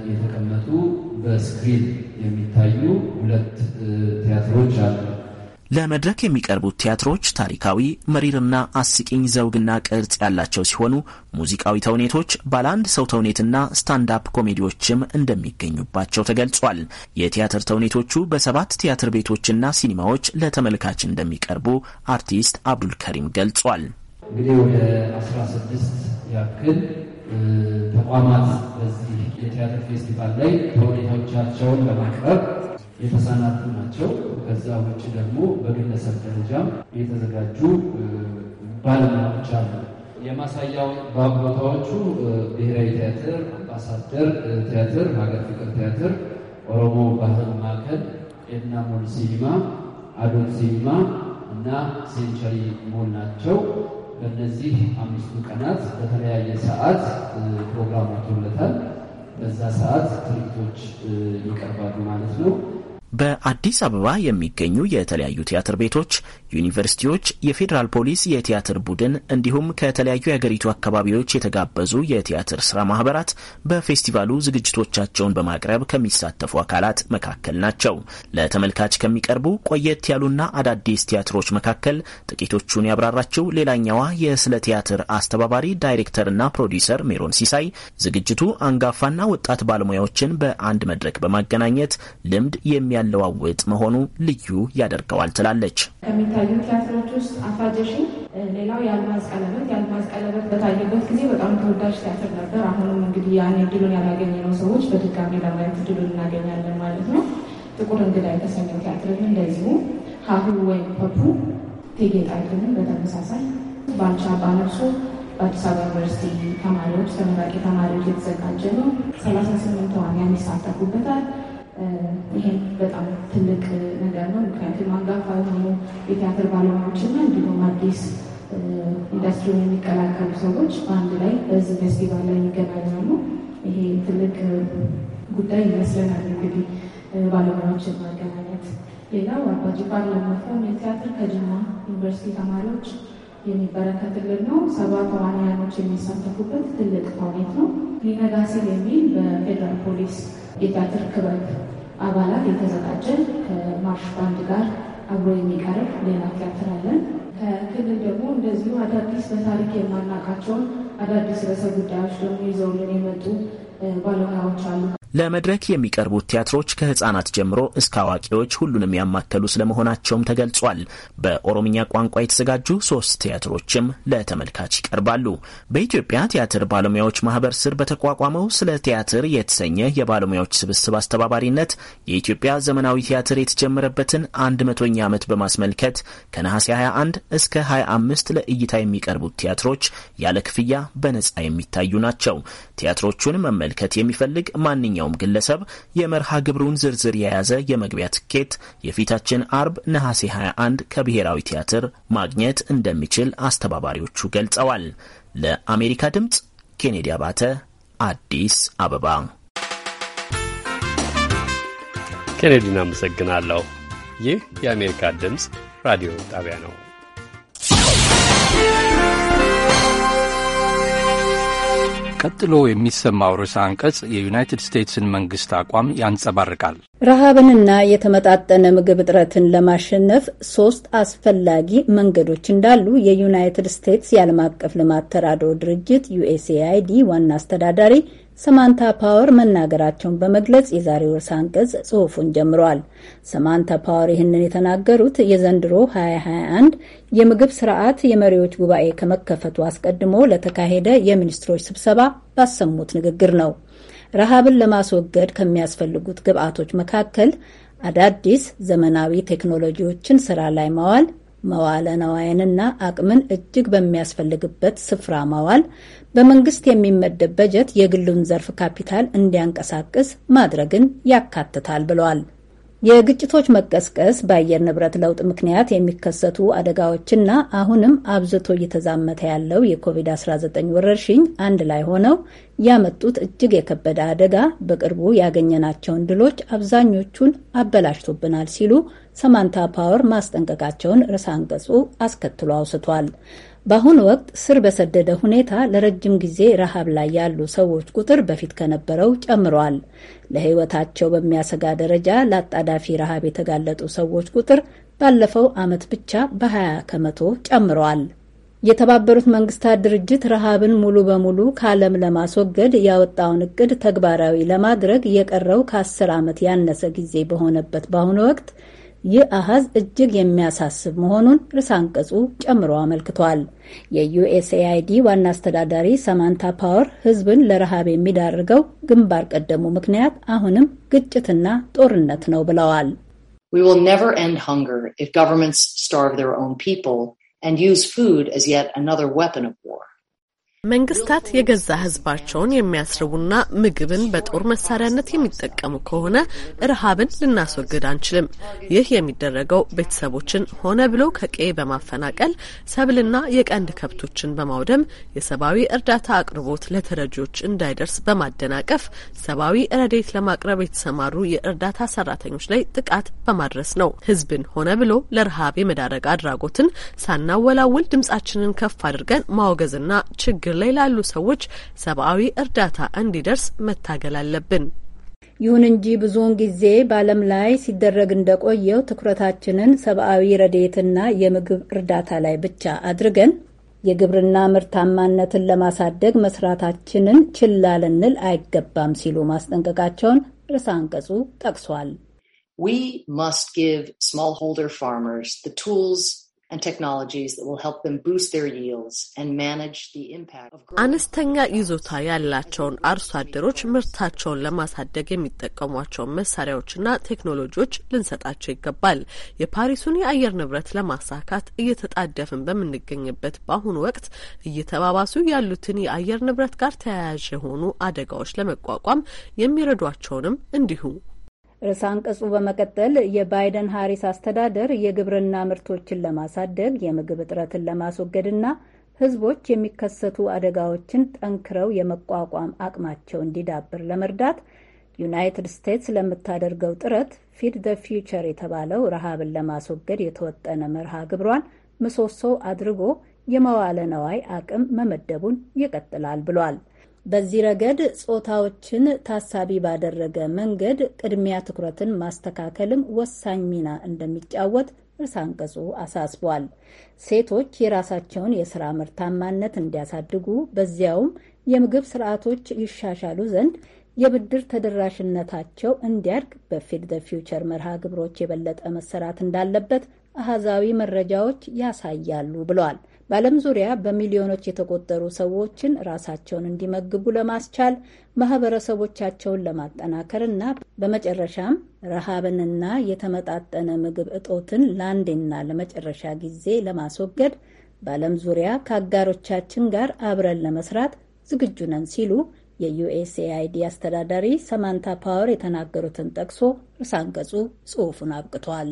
የተቀመጡ በስክሪን የሚታዩ ሁለት ቲያትሮች አሉ። ለመድረክ የሚቀርቡት ቲያትሮች ታሪካዊ፣ መሪርና አስቂኝ ዘውግና ቅርጽ ያላቸው ሲሆኑ ሙዚቃዊ ተውኔቶች፣ አንድ ሰው ተውኔትና ስታንዳፕ ኮሜዲዎችም እንደሚገኙባቸው ተገልጿል። የቲያትር ተውኔቶቹ በሰባት ቲያትር ቤቶችና ሲኒማዎች ለተመልካች እንደሚቀርቡ አርቲስት አብዱልከሪም ገልጿል። እንግዲህ ወደ አስራ ስድስት ያክል ተቋማት በዚህ የቲያትር ፌስቲቫል ላይ ተውኔቶቻቸውን በማቅረብ የተሳናቱ ናቸው። ከዛ ውጭ ደግሞ በግለሰብ ደረጃ የተዘጋጁ ባለሙያዎች አሉ። የማሳያው ቦታዎቹ ብሔራዊ ቲያትር፣ አምባሳደር ቲያትር፣ ሀገር ፍቅር ቲያትር፣ ኦሮሞ ባህል ማዕከል፣ ኤድና ሞል ሲኒማ፣ አዶል ሲኒማ እና ሴንቸሪ ሞል ናቸው። በእነዚህ አምስቱ ቀናት በተለያየ ሰዓት ፕሮግራም ወጥቶለታል። በዛ ሰዓት ትርኢቶች ይቀርባሉ ማለት ነው። በአዲስ አበባ የሚገኙ የተለያዩ ቲያትር ቤቶች ዩኒቨርሲቲዎች፣ የፌዴራል ፖሊስ የቲያትር ቡድን እንዲሁም ከተለያዩ የሀገሪቱ አካባቢዎች የተጋበዙ የቲያትር ስራ ማህበራት በፌስቲቫሉ ዝግጅቶቻቸውን በማቅረብ ከሚሳተፉ አካላት መካከል ናቸው። ለተመልካች ከሚቀርቡ ቆየት ያሉና አዳዲስ ቲያትሮች መካከል ጥቂቶቹን ያብራራችው ሌላኛዋ የስለ ቲያትር አስተባባሪ ዳይሬክተርና ፕሮዲውሰር ሜሮን ሲሳይ ዝግጅቱ አንጋፋና ወጣት ባለሙያዎችን በአንድ መድረክ በማገናኘት ልምድ የሚያለዋውጥ መሆኑ ልዩ ያደርገዋል ትላለች። ከታዩት ቲያትሮች ውስጥ አፋጀሺ ሌላው የአልማዝ ቀለበት፣ የአልማዝ ቀለበት በታየበት ጊዜ በጣም ተወዳጅ ቲያትር ነበር። አሁንም እንግዲህ ያን እድሉን ያላገኘነው ሰዎች በድጋሚ ለማየት እድሉን እናገኛለን ማለት ነው። ጥቁር እንግዳ የተሰኘው ቲያትርም እንደዚሁ፣ ሀሁ ወይም ፐፑ እቴጌ ጣይቱንም በተመሳሳይ ባልቻ ባነርሶ በአዲስ አበባ ዩኒቨርሲቲ ተማሪዎች ተመራቂ ተማሪዎች የተዘጋጀ ነው። ሰላሳ ስምንት ተዋንያን ይሳተፉበታል። ይህም በጣም ትልቅ ነገር ነው። ምክንያቱም አንጋፋ የሆኑ የቲያትር ባለሙያዎችና እንዲሁም አዲስ ኢንዱስትሪውን የሚቀላቀሉ ሰዎች በአንድ ላይ በዚህ ፌስቲቫል ላይ ይገናኛሉ። ይሄ ትልቅ ጉዳይ ይመስለናል። እንግዲህ ባለሙያዎችን ማገናኘት። ሌላው አባጅፋር ለመፍረም የቲያትር ከጅማ ዩኒቨርሲቲ ተማሪዎች የሚበረከትልን ነው። ሰባ ተዋናያኖች የሚሳተፉበት ትልቅ ተውኔት ነው። ሊነጋ ሲል የሚል በፌዴራል ፖሊስ የቲያትር ክበብ አባላት የተዘጋጀ ከማርሽ ባንድ ጋር አብሮ የሚቀርብ ሌላ ቲያትር አለን። ከክልል ደግሞ እንደዚሁ አዳዲስ በታሪክ የማናውቃቸውን አዳዲስ ርዕሰ ጉዳዮች ደግሞ ይዘውልን የመጡ ባለሙያዎች አሉ። ለመድረክ የሚቀርቡት ቲያትሮች ከህጻናት ጀምሮ እስከ አዋቂዎች ሁሉንም ያማከሉ ስለመሆናቸውም ተገልጿል። በኦሮምኛ ቋንቋ የተዘጋጁ ሶስት ቲያትሮችም ለተመልካች ይቀርባሉ። በኢትዮጵያ ቲያትር ባለሙያዎች ማህበር ስር በተቋቋመው ስለ ቲያትር የተሰኘ የባለሙያዎች ስብስብ አስተባባሪነት የኢትዮጵያ ዘመናዊ ቲያትር የተጀመረበትን አንድ መቶኛ ዓመት በማስመልከት ከነሐሴ 21 እስከ 25 ለእይታ የሚቀርቡት ቲያትሮች ያለ ክፍያ በነጻ የሚታዩ ናቸው። ቲያትሮቹን መመልከት የሚፈልግ ማንኛው ማንኛውም ግለሰብ የመርሃ ግብሩን ዝርዝር የያዘ የመግቢያ ትኬት የፊታችን አርብ ነሐሴ 21 ከብሔራዊ ቲያትር ማግኘት እንደሚችል አስተባባሪዎቹ ገልጸዋል። ለአሜሪካ ድምፅ ኬኔዲ አባተ አዲስ አበባ። ኬኔዲን አመሰግናለሁ። ይህ የአሜሪካ ድምፅ ራዲዮ ጣቢያ ነው። ቀጥሎ የሚሰማው ርዕሰ አንቀጽ የዩናይትድ ስቴትስን መንግስት አቋም ያንጸባርቃል። ረሃብንና የተመጣጠነ ምግብ እጥረትን ለማሸነፍ ሶስት አስፈላጊ መንገዶች እንዳሉ የዩናይትድ ስቴትስ የዓለም አቀፍ ልማት ተራድኦ ድርጅት ዩኤስኤአይዲ ዋና አስተዳዳሪ ሰማንታ ፓወር መናገራቸውን በመግለጽ የዛሬው ርዕሰ አንቀጽ ጽሑፉን ጀምሯል። ሰማንታ ፓወር ይህንን የተናገሩት የዘንድሮ 2021 የምግብ ስርዓት የመሪዎች ጉባኤ ከመከፈቱ አስቀድሞ ለተካሄደ የሚኒስትሮች ስብሰባ ባሰሙት ንግግር ነው። ረሃብን ለማስወገድ ከሚያስፈልጉት ግብዓቶች መካከል አዳዲስ ዘመናዊ ቴክኖሎጂዎችን ስራ ላይ ማዋል መዋለ ነዋይንና አቅምን እጅግ በሚያስፈልግበት ስፍራ ማዋል፣ በመንግስት የሚመደብ በጀት የግሉን ዘርፍ ካፒታል እንዲያንቀሳቅስ ማድረግን ያካትታል ብለዋል። የግጭቶች መቀስቀስ፣ በአየር ንብረት ለውጥ ምክንያት የሚከሰቱ አደጋዎችና አሁንም አብዝቶ እየተዛመተ ያለው የኮቪድ-19 ወረርሽኝ አንድ ላይ ሆነው ያመጡት እጅግ የከበደ አደጋ በቅርቡ ያገኘናቸውን ድሎች አብዛኞቹን አበላሽቶብናል ሲሉ ሰማንታ ፓወር ማስጠንቀቃቸውን ርዕሰ አንቀጹ አስከትሎ አውስቷል። በአሁኑ ወቅት ስር በሰደደ ሁኔታ ለረጅም ጊዜ ረሃብ ላይ ያሉ ሰዎች ቁጥር በፊት ከነበረው ጨምሯል። ለሕይወታቸው በሚያሰጋ ደረጃ ለአጣዳፊ ረሃብ የተጋለጡ ሰዎች ቁጥር ባለፈው ዓመት ብቻ በ20 ከመቶ ጨምሯል። የተባበሩት መንግስታት ድርጅት ረሃብን ሙሉ በሙሉ ከዓለም ለማስወገድ ያወጣውን እቅድ ተግባራዊ ለማድረግ የቀረው ከአስር ዓመት ያነሰ ጊዜ በሆነበት በአሁኑ ወቅት ይህ አሃዝ እጅግ የሚያሳስብ መሆኑን ርዕሰ አንቀጹ ጨምሮ አመልክቷል። የዩኤስኤአይዲ ዋና አስተዳዳሪ ሰማንታ ፓወር ሕዝብን ለረሃብ የሚዳርገው ግንባር ቀደሙ ምክንያት አሁንም ግጭትና ጦርነት ነው ብለዋል። ን መንግስታት የገዛ ህዝባቸውን የሚያስርቡና ምግብን በጦር መሳሪያነት የሚጠቀሙ ከሆነ ረሃብን ልናስወግድ አንችልም። ይህ የሚደረገው ቤተሰቦችን ሆነ ብሎ ከቀዬ በማፈናቀል ሰብልና የቀንድ ከብቶችን በማውደም የሰብአዊ እርዳታ አቅርቦት ለተረጂዎች እንዳይደርስ በማደናቀፍ ሰብአዊ ረዴት ለማቅረብ የተሰማሩ የእርዳታ ሰራተኞች ላይ ጥቃት በማድረስ ነው። ህዝብን ሆነ ብሎ ለረሃብ የመዳረግ አድራጎትን ሳናወላውል ድምጻችንን ከፍ አድርገን ማውገዝና ችግር ችግር ላይ ላሉ ሰዎች ሰብአዊ እርዳታ እንዲደርስ መታገል አለብን። ይሁን እንጂ ብዙውን ጊዜ በዓለም ላይ ሲደረግ እንደቆየው ትኩረታችንን ሰብአዊ ረድኤትና የምግብ እርዳታ ላይ ብቻ አድርገን የግብርና ምርታማነትን ለማሳደግ መስራታችንን ችላ ልንል አይገባም ሲሉ ማስጠንቀቃቸውን ርዕሰ አንቀጹ ጠቅሷል። We must give smallholder farmers the tools አነስተኛ ይዞታ ያላቸውን አርሶ አደሮች ምርታቸውን ለማሳደግ የሚጠቀሟቸውን መሳሪያዎችና ቴክኖሎጂዎች ልንሰጣቸው ይገባል። የፓሪሱን የአየር ንብረት ለማሳካት እየተጣደፍን በምንገኝበት በአሁኑ ወቅት እየተባባሱ ያሉትን የአየር ንብረት ጋር ተያያዥ የሆኑ አደጋዎች ለመቋቋም የሚረዷቸውንም እንዲሁ ርዕሰ አንቀጹ በመቀጠል የባይደን ሀሪስ አስተዳደር የግብርና ምርቶችን ለማሳደግ የምግብ እጥረትን ለማስወገድና ህዝቦች የሚከሰቱ አደጋዎችን ጠንክረው የመቋቋም አቅማቸው እንዲዳብር ለመርዳት ዩናይትድ ስቴትስ ለምታደርገው ጥረት ፊድ ደ ፊውቸር የተባለው ረሃብን ለማስወገድ የተወጠነ መርሃ ግብሯን ምሰሶ አድርጎ የመዋለ ነዋይ አቅም መመደቡን ይቀጥላል ብሏል። በዚህ ረገድ ጾታዎችን ታሳቢ ባደረገ መንገድ ቅድሚያ ትኩረትን ማስተካከልም ወሳኝ ሚና እንደሚጫወት ርዕሰ አንቀጹ አሳስቧል። ሴቶች የራሳቸውን የስራ ምርታማነት እንዲያሳድጉ በዚያውም የምግብ ስርዓቶች ይሻሻሉ ዘንድ የብድር ተደራሽነታቸው እንዲያድግ በፊድ ደ ፊውቸር መርሃ ግብሮች የበለጠ መሰራት እንዳለበት አሃዛዊ መረጃዎች ያሳያሉ ብሏል። በዓለም ዙሪያ በሚሊዮኖች የተቆጠሩ ሰዎችን ራሳቸውን እንዲመግቡ ለማስቻል ማህበረሰቦቻቸውን ለማጠናከር እና በመጨረሻም ረሃብንና የተመጣጠነ ምግብ እጦትን ለአንዴና ለመጨረሻ ጊዜ ለማስወገድ በዓለም ዙሪያ ከአጋሮቻችን ጋር አብረን ለመስራት ዝግጁ ነን ሲሉ የዩኤስኤአይዲ አስተዳዳሪ ሰማንታ ፓወር የተናገሩትን ጠቅሶ እርሳን ገጹ ጽሑፉን አብቅቷል።